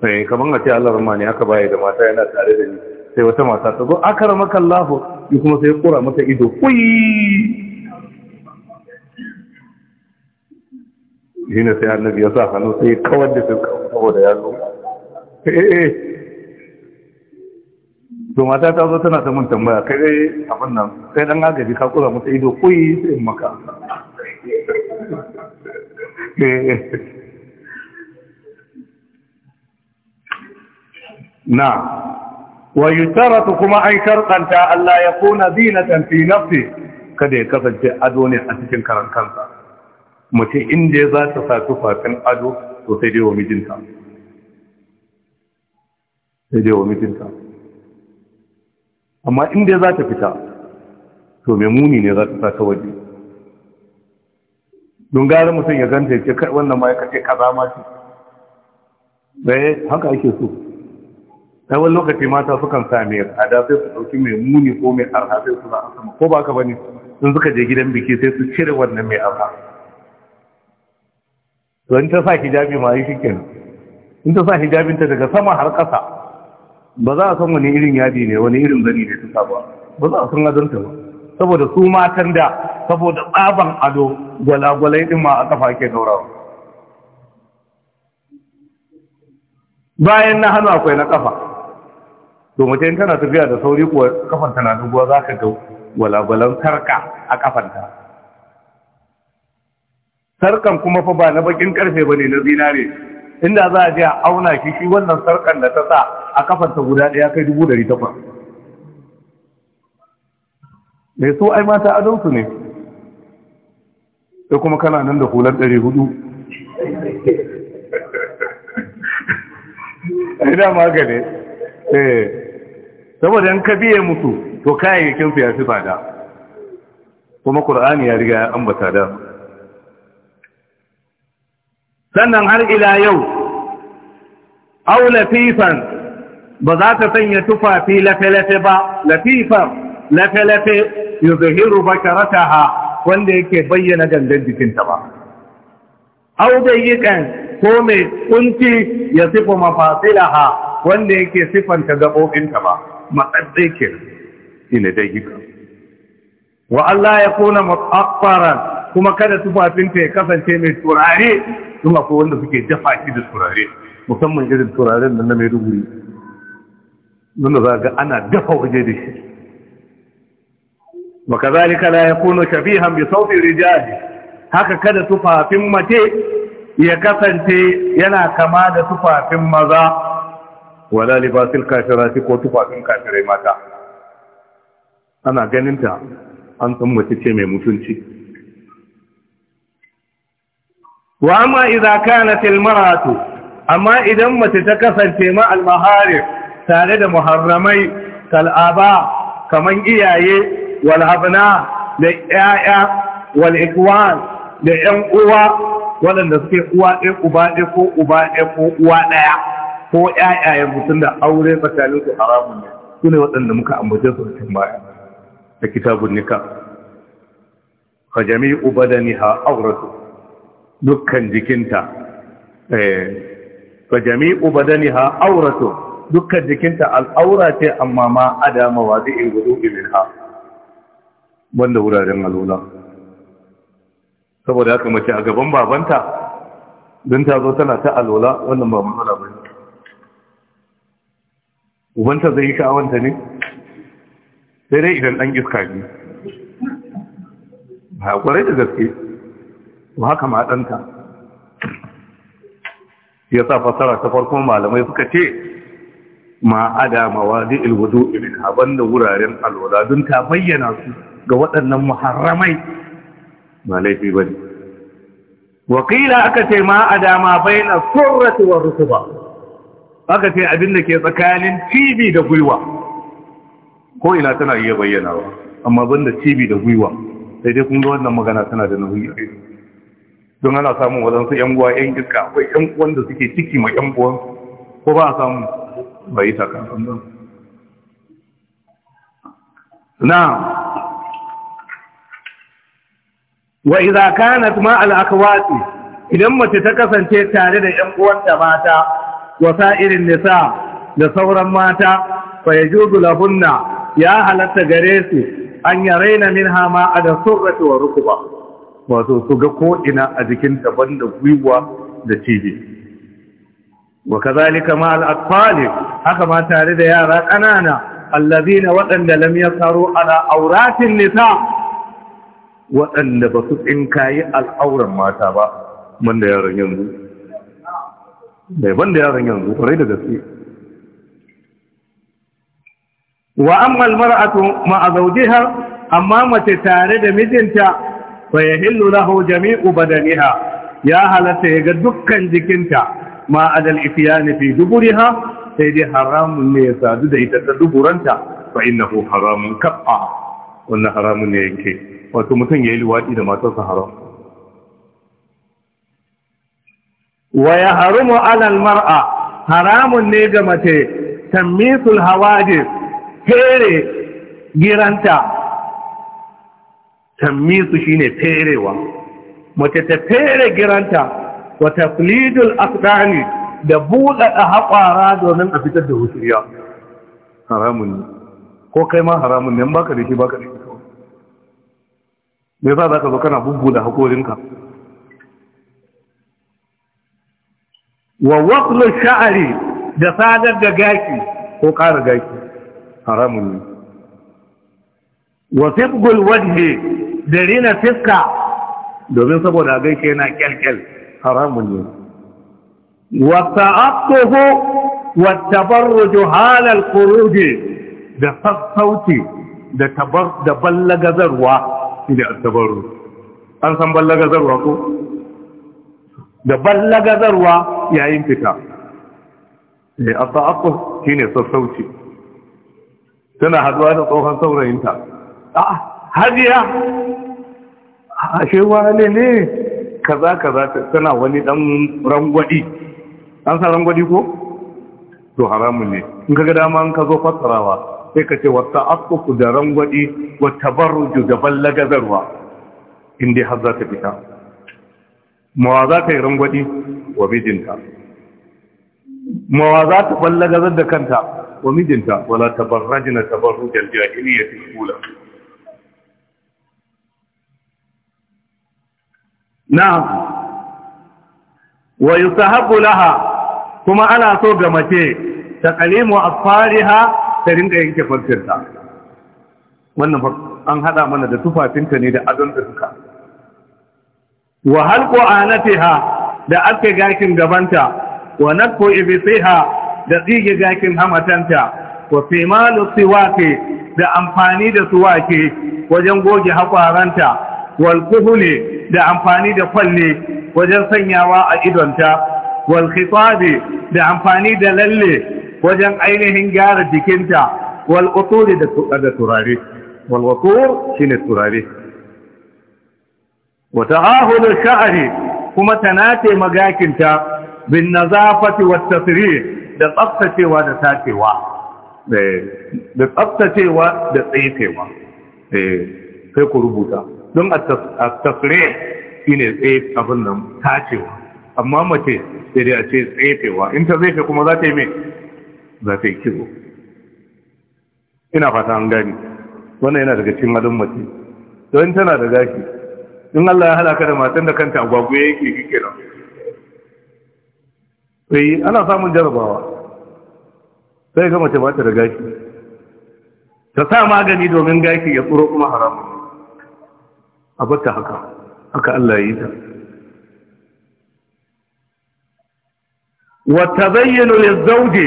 [SPEAKER 1] eh kaman a ce Allah rahmani aka baya da mata yana tare da ni sai wata mata ta zo akramaka Allah shi kuma sai ya kura mata ido kuyi shi ne sai annabi ya sa hannu sai kawar da suka saboda ya zo eh, eh, eh. to mata ta zo tana ta mun tambaya kai dai abin nan kai dan agaji ka kura mata ido koyi sai in maka na wa yutaratu kuma an karkanta Allah ya kuna zinatan fi nafsi kada ya kasance ado ne a cikin karan kansa mutum inda ya za ta sa tufafin ado to sai dai wa mijinta sai dai wa mijinta amma inda za ta fita to mai muni ne za ta sa ta waje don gara mutum ya ganta ya ce wannan ma ya kace ka ma ce bai eh, haka ake so sai wani lokaci mata sukan sami mai tsada sai su ɗauki mai muni ko mai arha sai su za a sama ko ba ka bane sun suka je gidan biki sai su cire wannan mai arha don ta sa hijabi ma yi shi kenan in ta sa hijabinta daga sama har ƙasa ba za a san wani irin yadi ne wani irin zani ne suka ba ba za a san adonta ba saboda su matan da saboda tsaban ado gwalagwalai din ma a kafa ke daurawa bayan na hannu akwai na kafa to mutum tana tafiya da sauri kuwa kafan tana dubuwa za ka ga gwalagwalan sarka a kafanta sarkan kuma fa ba na bakin karfe ba ne na zinare inda za a je a auna shi shi wannan sarkar da ta sa a kafanta guda ɗaya kai dubu ɗari takwas mai so ai mata adonsu ne sai kuma kana nan da hular ɗari hudu ina magane eh saboda in ka biye musu to kayayyakin su ya fi fada. kuma ƙur'ani ya riga ya ambata da sannan har ila yau au lafifan ba za ta sanya tufafi lafe-lafe ba lafifan lafe-lafe yuzhiru ha wanda yake bayyana gandun jikinta ba au bayyikan ko mai kunci ya sifo sifa ha wanda yake sifanta gaɓoɓinta ba matsatsaikin ila ka. wa Allah ya kuna mutaqaran kuma kada tufafinta ya kasance mai turare kuma ko wanda suke dafa shi da turare musamman irin turaren nan na mai rubuni nuna za ga ana dafa waje da shi Zari zalika ya kuno shafi hamdi sauti rijali haka kada tufafin mace ya kasance yana kama da tufafin maza wala libasil kafirati ko tufafin kafirai mata ana ganin ta an san mace ce mai mutunci wa amma idza kanat maratu amma idan mace ta kasance ma maharir tare da muharramai kal'aba kaman iyaye wal habna da yaya wal ikwan da yan uwa waɗanda suke uwa ɗaya uba ɗaya ko uba ɗaya ko uwa ɗaya ko ƴaƴayen mutum da aure tsakanin su haramun ne su ne waɗanda muka ambace su cikin baya da kitabun nikah fa jami'u badaniha awratu dukkan jikinta eh jami'u badaniha awratu dukkan jikinta al'aura ce amma ma adama wadi'il wudu'i minha wanda wuraren alula saboda haka mace a gaban babanta don ta zo tana ta alula wannan ba matsala ba ne ubanta zai yi sha'awanta ne sai dai idan ɗan iska ne a kwarai da gaske to haka ma ɗanka ya sa fasara ta farko malamai suka ce ma ada mawazi ilwudu irin haban da wuraren alwada don ta bayyana su ga waɗannan muharramai ba laifi ba ne wakila aka ce ma ada ma bayyana surrati wa ba. aka ce abin da ke tsakanin cibi da gwiwa ko ina tana iya bayyana ba amma banda cibi da gwiwa sai dai kun ga wannan magana tana da nauyi don ana samun su yan uwa yan iska akwai yan uwan suke ciki ma yan uwan ko ba a samu bai taka na wa iza kanat ma al idan mace ta kasance tare da yan uwanta mata wa sa'irin nisa da sauran mata fa yajuzu lahunna ya halatta gare su an yarena minha ma ada surrati wa rukuba wato su ga ko'ina a jikin daban da gwiwa da cibi wa kazalika ma al-atfal haka ma tare da yara ƙanana allazina waɗanda lam yasaru ala auratin nisa waɗanda ba su tsinkayi al'auran mata ba banda yaron yanzu bai eh, banda yaron yanzu kwarai da gaske wa amma a maratu ma'a zawjiha amma mace tare da mijinta fa yahillu lahu jami'u badaniha ya halatta ya ga dukkan jikinta ma adal ifyani fi duburiha sai dai haramun ne ya sadu da ita ta duburanta fa innahu haramun kab'a wannan haramun ne yake wato mutum yayi luwadi da matarsa haram wa yahrumu mara haramun ne ga mace tammisul hawadis here giranta tammisu ne ferewa mace ta fere giranta wa flidul afdani da buɗaɗa haƙwara domin a fitar da wuciriya haramun ne ko kai ma haramun ne ba ka da shi ba ka da shi kawai me yasa ka zo kana da haƙorinka wa waqlu sha'ari da sadar da gaki ko ƙara gaki haramun ne wa sibgul ne. dare na fiska domin saboda gaishe na kyalkyal haramun ne wa ta'attuhu wa tabarruju halal khuruji da sassauci da tabar da ballagazarwa da tabarru an san ballagazarwa ko da ballagazarwa yayin fita ne eh, a ta'attu shine sassauci tana haduwa da tsohon saurayinta a'a hajiya a wane ne kaza kaza tana wani dan rangwadi an san rangwadi ko to haramun ne in kaga dama an ka zo fassarawa sai ka ce wata asku da rangwadi wa tabarruju da ballagazarwa in dai har za ta fita mawa za ka yi rangwadi wa mijinta mawa za ta ballagazar da kanta wa mijinta wala tabarrajina tabarrujal jahiliyyati kula na'am wa yusahabu laha kuma ana so ga mace ta kalimu afariha ta rinka yanke farcinta wannan an hada mana da tufafinta ne da adon da suka wa halqu anatiha da ake gakin gabanta wa nakku ibsiha da tsige gakin hamatanta wa fimalu Siwaki da amfani da wake wajen goge hakwaranta wal kuhuli da amfani da kwalle wajen sanyawa a idonta wal khitabi da amfani da lalle wajen ainihin gyara jikinta wal uturi da turare wal watur shine turare wa ta'ahulu sha'ri kuma tanate magakinta bin nazafati wat tasrih da tsaftacewa da tacewa eh, da tsaftacewa da tsayewa eh, sai ku rubuta don a tasre shi ne tsaye abin nan tacewa amma mace sai dai a ce tsefewa in ta zefe kuma za ta yi mai za ta yi kiro ina fata an gani wannan yana daga cikin halin mace don tana da gashi in Allah ya halaka da matan da kanta agwagwaye yake kike nan sai eh, ana samun jarabawa sai ga mace ba ta da gashi ta sa magani domin gashi ya tsoro kuma haramun a bata haka haka Allah yi ta wa tabayyanu lizawji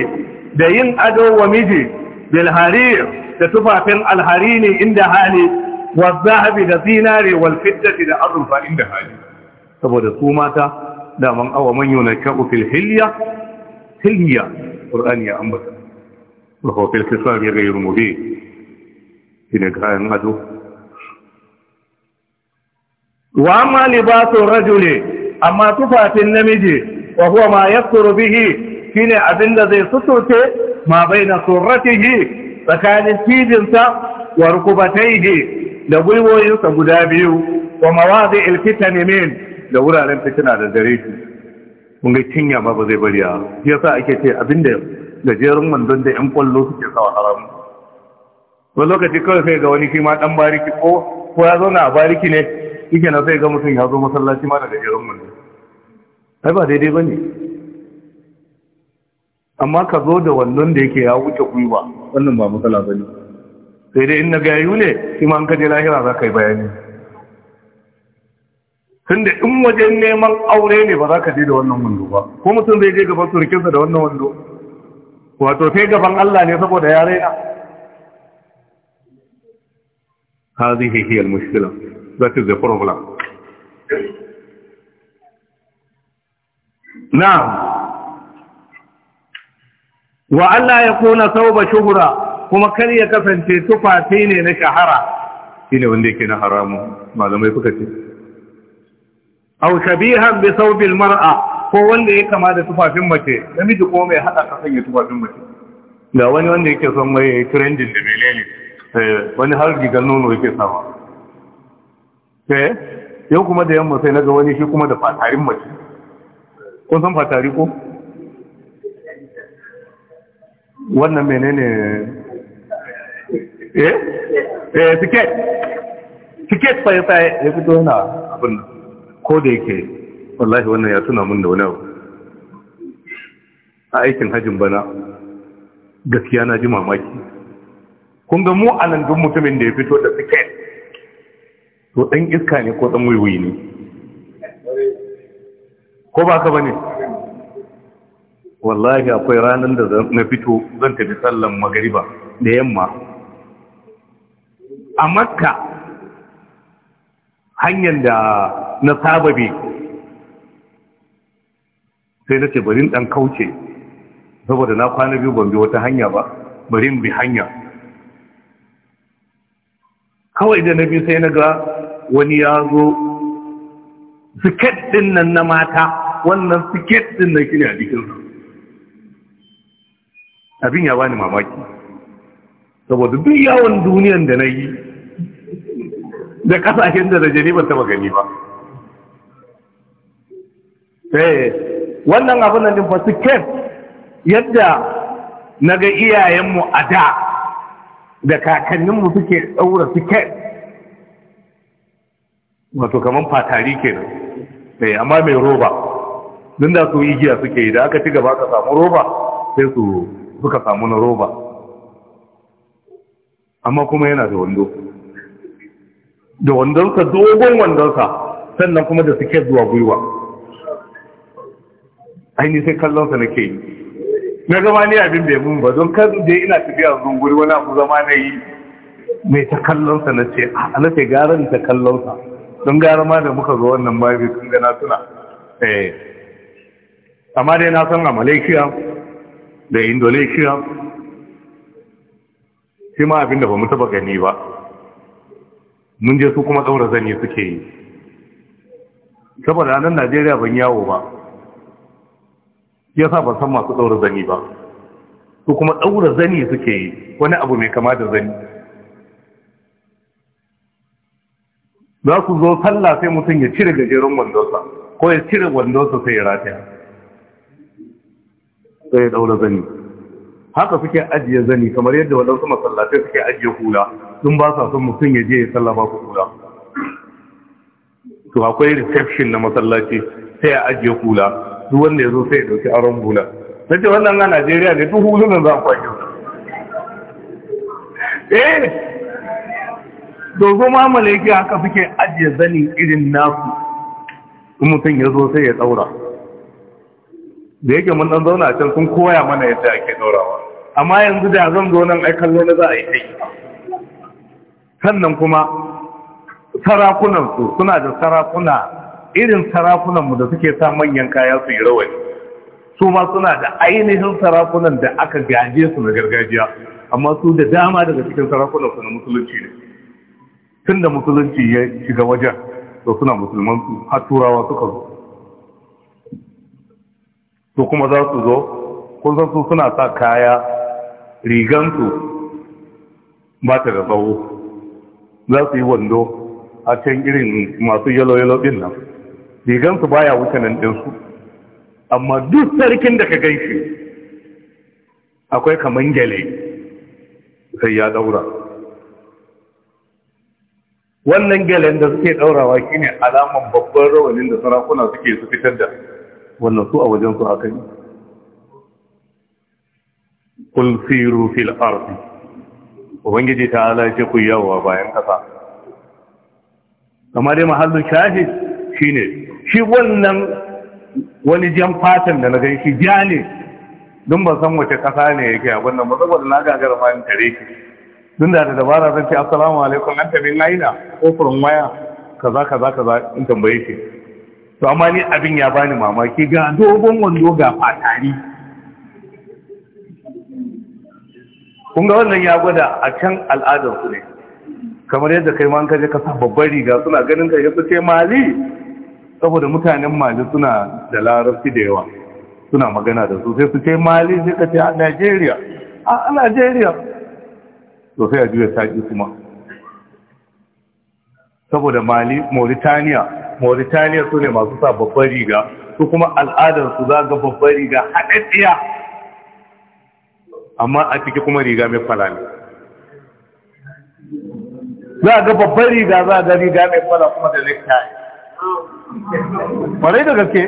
[SPEAKER 1] da yin ado wa miji bil harir da tufafin alharini inda hali wa zahabi da zinare wal fiddati da azurfa inda hali saboda su mata daman awa man yunaka fil hilya hilya qur'ani ya ambata wa fil kisari ghayr mubin shine kayan ado wa amma libasu rajuli amma tufafin namiji wa huwa ma yasturu bihi shine abinda zai suturce ma baina surratihi tsakanin sa wa rukubatayhi da sa guda biyu wa mawadi ilfitan min da wuraren fitina da dare shi mun ga cinya ma ba zai bari a yasa ake ce abinda gajerun wandon da yan kwallo suke sawa haramu wani lokaci kawai sai ga wani kima dan bariki ko ko ya zauna a bariki ne yake na sai ga mutum ya zo masallaci ma daga irin wani ai ba daidai bane amma ka zo da wannan da yake ya wuce gwiwa wannan ba matsala bane sai dai in na gayu ne shi ma an kaje lahira za ka yi bayani tunda in wajen neman aure ne ba za ka je da wannan wando ba ko mutum zai je gaban surukinsa da wannan wando wato sai gaban Allah ne saboda ya raina هذه هي المشكلة That is the problem. Now, wa Allah ya kona ba shuhura kuma kar ya kasance tufafi ne na shahara shine wanda yake na haramu malamai suka ce aw shabihan bi saubil mar'a ko wanda ya kama da tufafin mace namiji ko mai hada ka sanya tufafin mace ga wani wanda yake son mai trending da menene eh, wani har gigan nono yake sawa eh yau kuma da yamma sai na ga wani shi kuma da fatarin mace kun san fatari ko wannan menene eh eh ticket ticket fa ya fito yana abin ko da yake wallahi wannan ya tuna mun da wani abu a aikin hajin bana gaskiya na ji mamaki kun ga mu a nan duk mutumin da ya fito da ticket to ɗan iska ne ko ɗan wiwi ne ko ba ka ba ne wallahi akwai ranar da na fito zan tafi sallan magariba da yamma a makka hanyar da na sababe sai na ce barin ɗan kauce saboda na kwana biyu ban bi wata hanya ba barin bi hanya kawai da na bi sai na ga wani ya zo siket ɗin nan na mata wannan siket ɗin na shirya a su abin ya bani mamaki saboda duk yawon duniyan da na yi da kasashen da da jani ba taba gani ba eh wannan abin nan din fa siket yadda na ga iyayenmu a da da kakanninmu suke ɗaura siket wato kaman fatari kenan eh amma mai roba din da su igiya suke yi da aka ci gaba ka samu roba sai su suka samu na roba amma kuma yana da wando da wandonsa dogon wandonsa sannan kuma da suke zuwa gwiwa ni sai kallonsa nake yi na zama ni abin bai mun ba don kan da ina tafiya guri wani abu zama na yi mai ta kallonsa na ce a ah, na ce garanta ta kallonsa don gara ma da muka zo wannan babi sun ga na tuna eh amma dai na san a malaysia da indonesia shi ma abinda ba mu taba gani ba mun je su kuma ɗaura zane suke yi saboda nan najeriya ban yawo ba ya sa ban san masu ɗaura zane ba su kuma ɗaura zane suke yi wani abu mai kama da zane za ku zo sallah sai mutum ya cire gajeren wandonsa ko ya cire wandonsa sai ya rataya sai ya daura zani haka suke ajiye zani kamar yadda waɗansu masallatai suke ajiye hula sun ba sa son mutum ya je ya sallah ba ku hula to akwai reception na masallaci sai a ajiye hula duk wanda ya zo sai ya dauki aron hula na ce wannan a najeriya ne duk hulunan za a kwaje eh ma malaiki haka suke ajiye zanin irin nasu in mutum ya zo sai ya daura da yake mun dan zauna can sun koya mana yadda ake daurawa amma yanzu da zan zo nan ai kallo na za a yi ta sannan kuma sarakunan su suna da sarakuna irin sarakunan mu da suke sa manyan kaya su yi rawani su ma suna da ainihin sarakunan da aka gaje su na gargajiya amma su da dama daga cikin sarakunan su na musulunci ne tun da musulunci ya shiga wajen to suna musulman har turawa suka zo to kuma za su zo kun san su suna sa kaya rigansu ba ta da tsawo za su yi wando a can irin masu yalo-yalo ɗin nan rigansu baya wuce nan ɗinsu amma duk sarkin da ka gan shi akwai kaman gyale sai ya daura wannan galen da suke daurawa shine alaman babban rawanin da sarakuna suke su fitar da wannan su a wajen su haka ne kul siru fil ardi ubangiji ta ala ce ku yawa bayan kasa kamar dai mahallin shahid shine shi wannan wani jan fatan da na gan shi ja ne don ban san wace kasa ne yake a wannan ba saboda na gagara ma in tare shi dun da da dabara zan ce assalamu alaikum an tabin aina ko Kofurin waya kaza kaza kaza in tambaye shi to amma ni abin ya bani mamaki ga dogon wando ga fatari kun ga wannan ya gwada a can al'adar su ne kamar yadda kai ma kaje ka sa babbar riga suna ganin ka su ce mali saboda mutanen mali suna da larabci da yawa suna magana da su sai su ce mali sai ka ce a Najeriya a Najeriya to sai a juya saƙi kuma saboda mali mauritaniya mauritaniya su ne masu sa babbar riga su kuma al'adarsu za ga babbar riga haɗaɗɗiya amma a ciki kuma riga mai ne. za ga babbar riga za ga riga mai fala kuma da necktie kwarai da gaske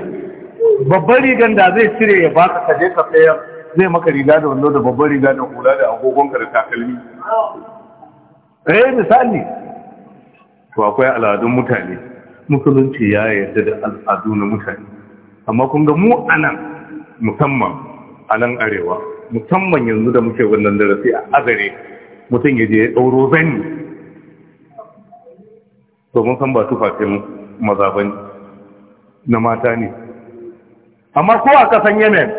[SPEAKER 1] babbar rigan da zai cire ya baka kaje ka tsayar zai maka riga da wando da babbar riga da hula da agogonka da takalmi eh misali to akwai al'adun mutane musulunci ya yarda da al'adu na mutane amma kun ga mu anan musamman a nan arewa musamman yanzu da muke wannan darasi a azare mutum ya je ya ɗauro zani domin san ba tufafin maza ba na mata ne amma ko a kasan yemen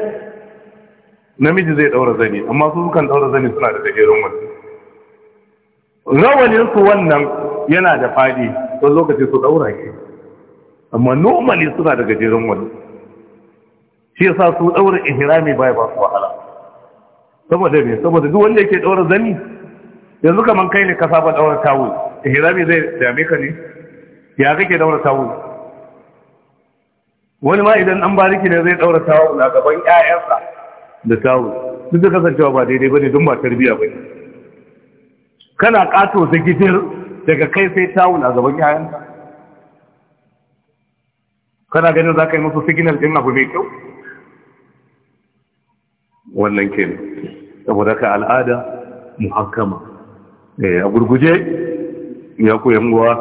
[SPEAKER 1] namiji zai ɗaura zani amma su kan ɗaura zani suna da gajeren wani rawanin su wannan yana da fadi don lokaci su daura ke, amma normally suna da gajeren wani shi yasa su daura ihrami bai ba su wahala saboda me saboda duk wanda yake daura zani yanzu kaman kai ne ka saba daura tawul ihrami zai dame ka ne ya kake daura tawul wani ma idan an bariki ne zai daura tawul a gaban ƴaƴansa da tawul duk da kasancewa ba daidai bane don ba tarbiyya bane kana ƙato da gidir daga kai sai tawun a gaban yayanka kana ganin za ka yi musu signal ɗin abu mai kyau wannan ke ne saboda ka al'ada muhakkama eh, a gurguje ya ku yanguwa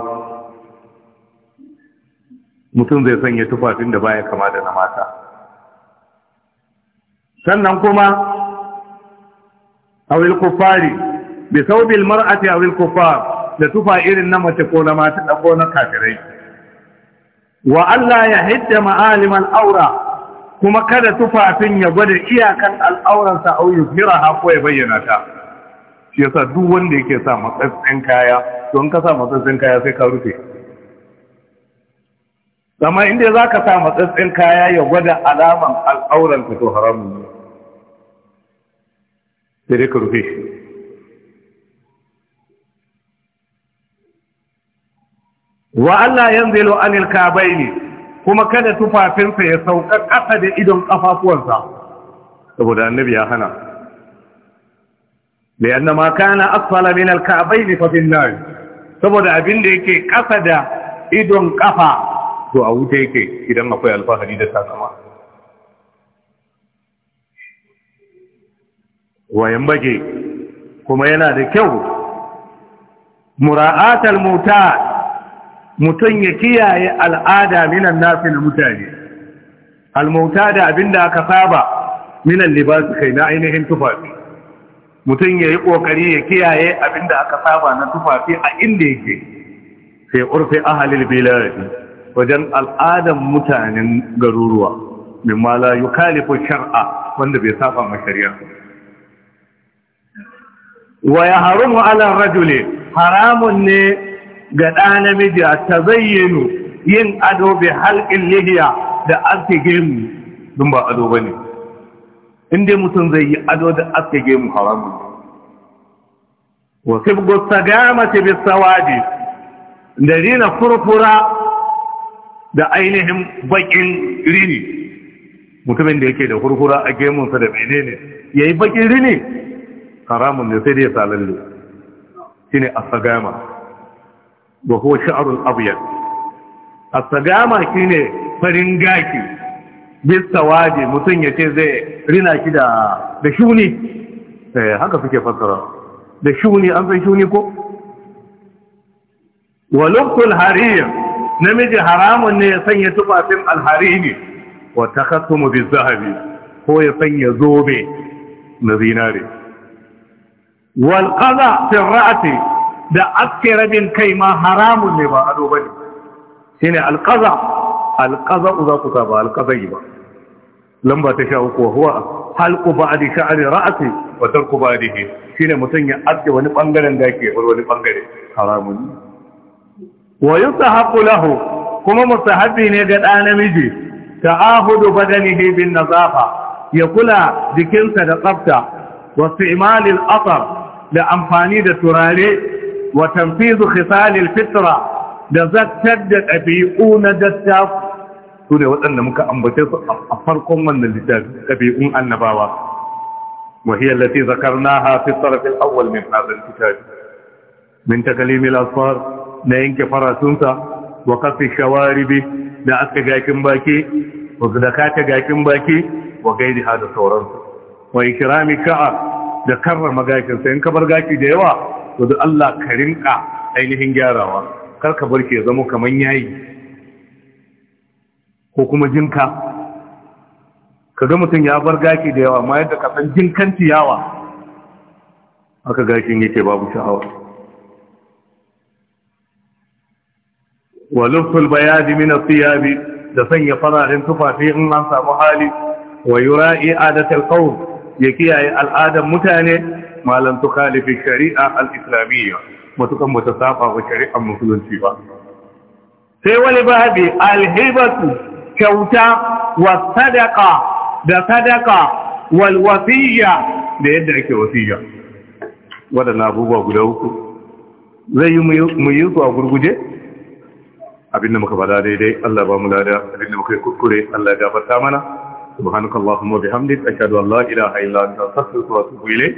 [SPEAKER 1] mutum zai sanya tufafin da baya kama da na mata sannan kuma awil kufari bi saubil mar'ati aw al kuffar da tufa irin na mace ko na mata da ko na kafirai wa alla yahidda ma'alim al awra kuma kada tufafin ya gwada iyakan al'auransa au ha ko ya bayyana ta shi yasa duk wanda yake sa matsatsin kaya don ka sa matsatsin kaya sai ka rufe amma inda za ka sa matsatsin kaya ya gwada alaman al'auranka to haramun ne sai dai ka rufe shi wa Allah yanzilu anil kabaini kuma kada tufafinsa ya sauka ƙasa da idon kafafuwansa saboda annabi ya hana lianna ma kana asfala min al kabaini fa fil nar saboda abin da yake ƙasa da idon kafa to a wuta yake idan akwai alfahari da sakama wayan bage kuma yana da kyau mura'atal muta mutum ya kiyaye al'ada minan nafi na mutane almauta da abin da aka saba minan libasu kai na ainihin tufafi mutum ya yi ƙoƙari ya kiyaye abin da aka saba na tufafi a inda yake sai urfe halil biladi wajen al'adan mutanen garuruwa mimma yi kalifin shar'a wanda bai saba ma shari'a wa yahrumu ala haramun ne ga ɗa namiji ta zayyano yin ado bi halƙin lihiya da aske gemu don ba ado ba ne inda mutum zai yi ado da aske gemu haramu wasu gusta gama ce bi sawadi da rina furfura da ainihin baƙin rini mutumin da yake da furfura a gemunsa da ne ya yi baƙin rini haramun ne sai dai ya sa shi ne asagama wa huwa sha'run abyad as-sagama shine farin gaki bis sawadi mutun ce zai rina shi da da shuni eh, da shuni an san shuni ko wa lubtul harir namiji haramun ne ya sanya tufafin alharimi wa bi bizahabi ko ya sanya zobe na zinare wal qaza fi ra'ati da aske rabin kai ma haramun ne ba ado bane shine alqaza alqaza za ku ba alqazai ba lamba ta sha uku huwa halku halqu ba'di sha'ri ra'si wa tarku Shi ne mutum ya aske wani bangaren dake bar wani bangare haramun wa yusahabu lahu kuma mustahabi ne ga ɗa namiji ta ahudu ta'ahudu badanihi bin nazafa ya kula jikinsa da tsafta wasu imalin asar da amfani da turare wa tanfizu fitra da zattar da ɗabi'u na dattaku su ne waɗanda muka ambace su a farkon wannan littafi ɗabi'un annabawa wa hiya allati zakarnaha fi sarf al-awwal min hadha al-kitab min takalim al-asfar na yanke faratunsa wa qasfi shawaribi da aka gakin baki da baki wa gaidi sauransu da karrama in ka bar da yawa to Allah ka rinka ainihin gyarawa kar ka barke ya zama kaman yayi ko kuma jinka ga mutum ya bar gaki da yawa ma yadda ka san jinkan ciyawa aka gashin yake babu sha'awa wa lufsul bayadi min athiyabi da sanya fararen tufafi in an samu hali wa yura'i adatul qawm ya kiyaye al'adar mutane Malam lam tukhalifi shari'a al-islamiyya mutukan bata saba wa shari'ar musulunci ba sai wani babi alhibatu kyauta wa sadaka da sadaka wal wasiyya da yadda ake wasiyya waɗannan abubuwa guda uku zai yi mu yi su a gurguje abinda muka bada daidai Allah ba mu lada abinda muka yi kuskure Allah ya gafarta mana subhanakallahumma bihamdik ashhadu an la ilaha illa anta astaghfiruka wa atubu ilayk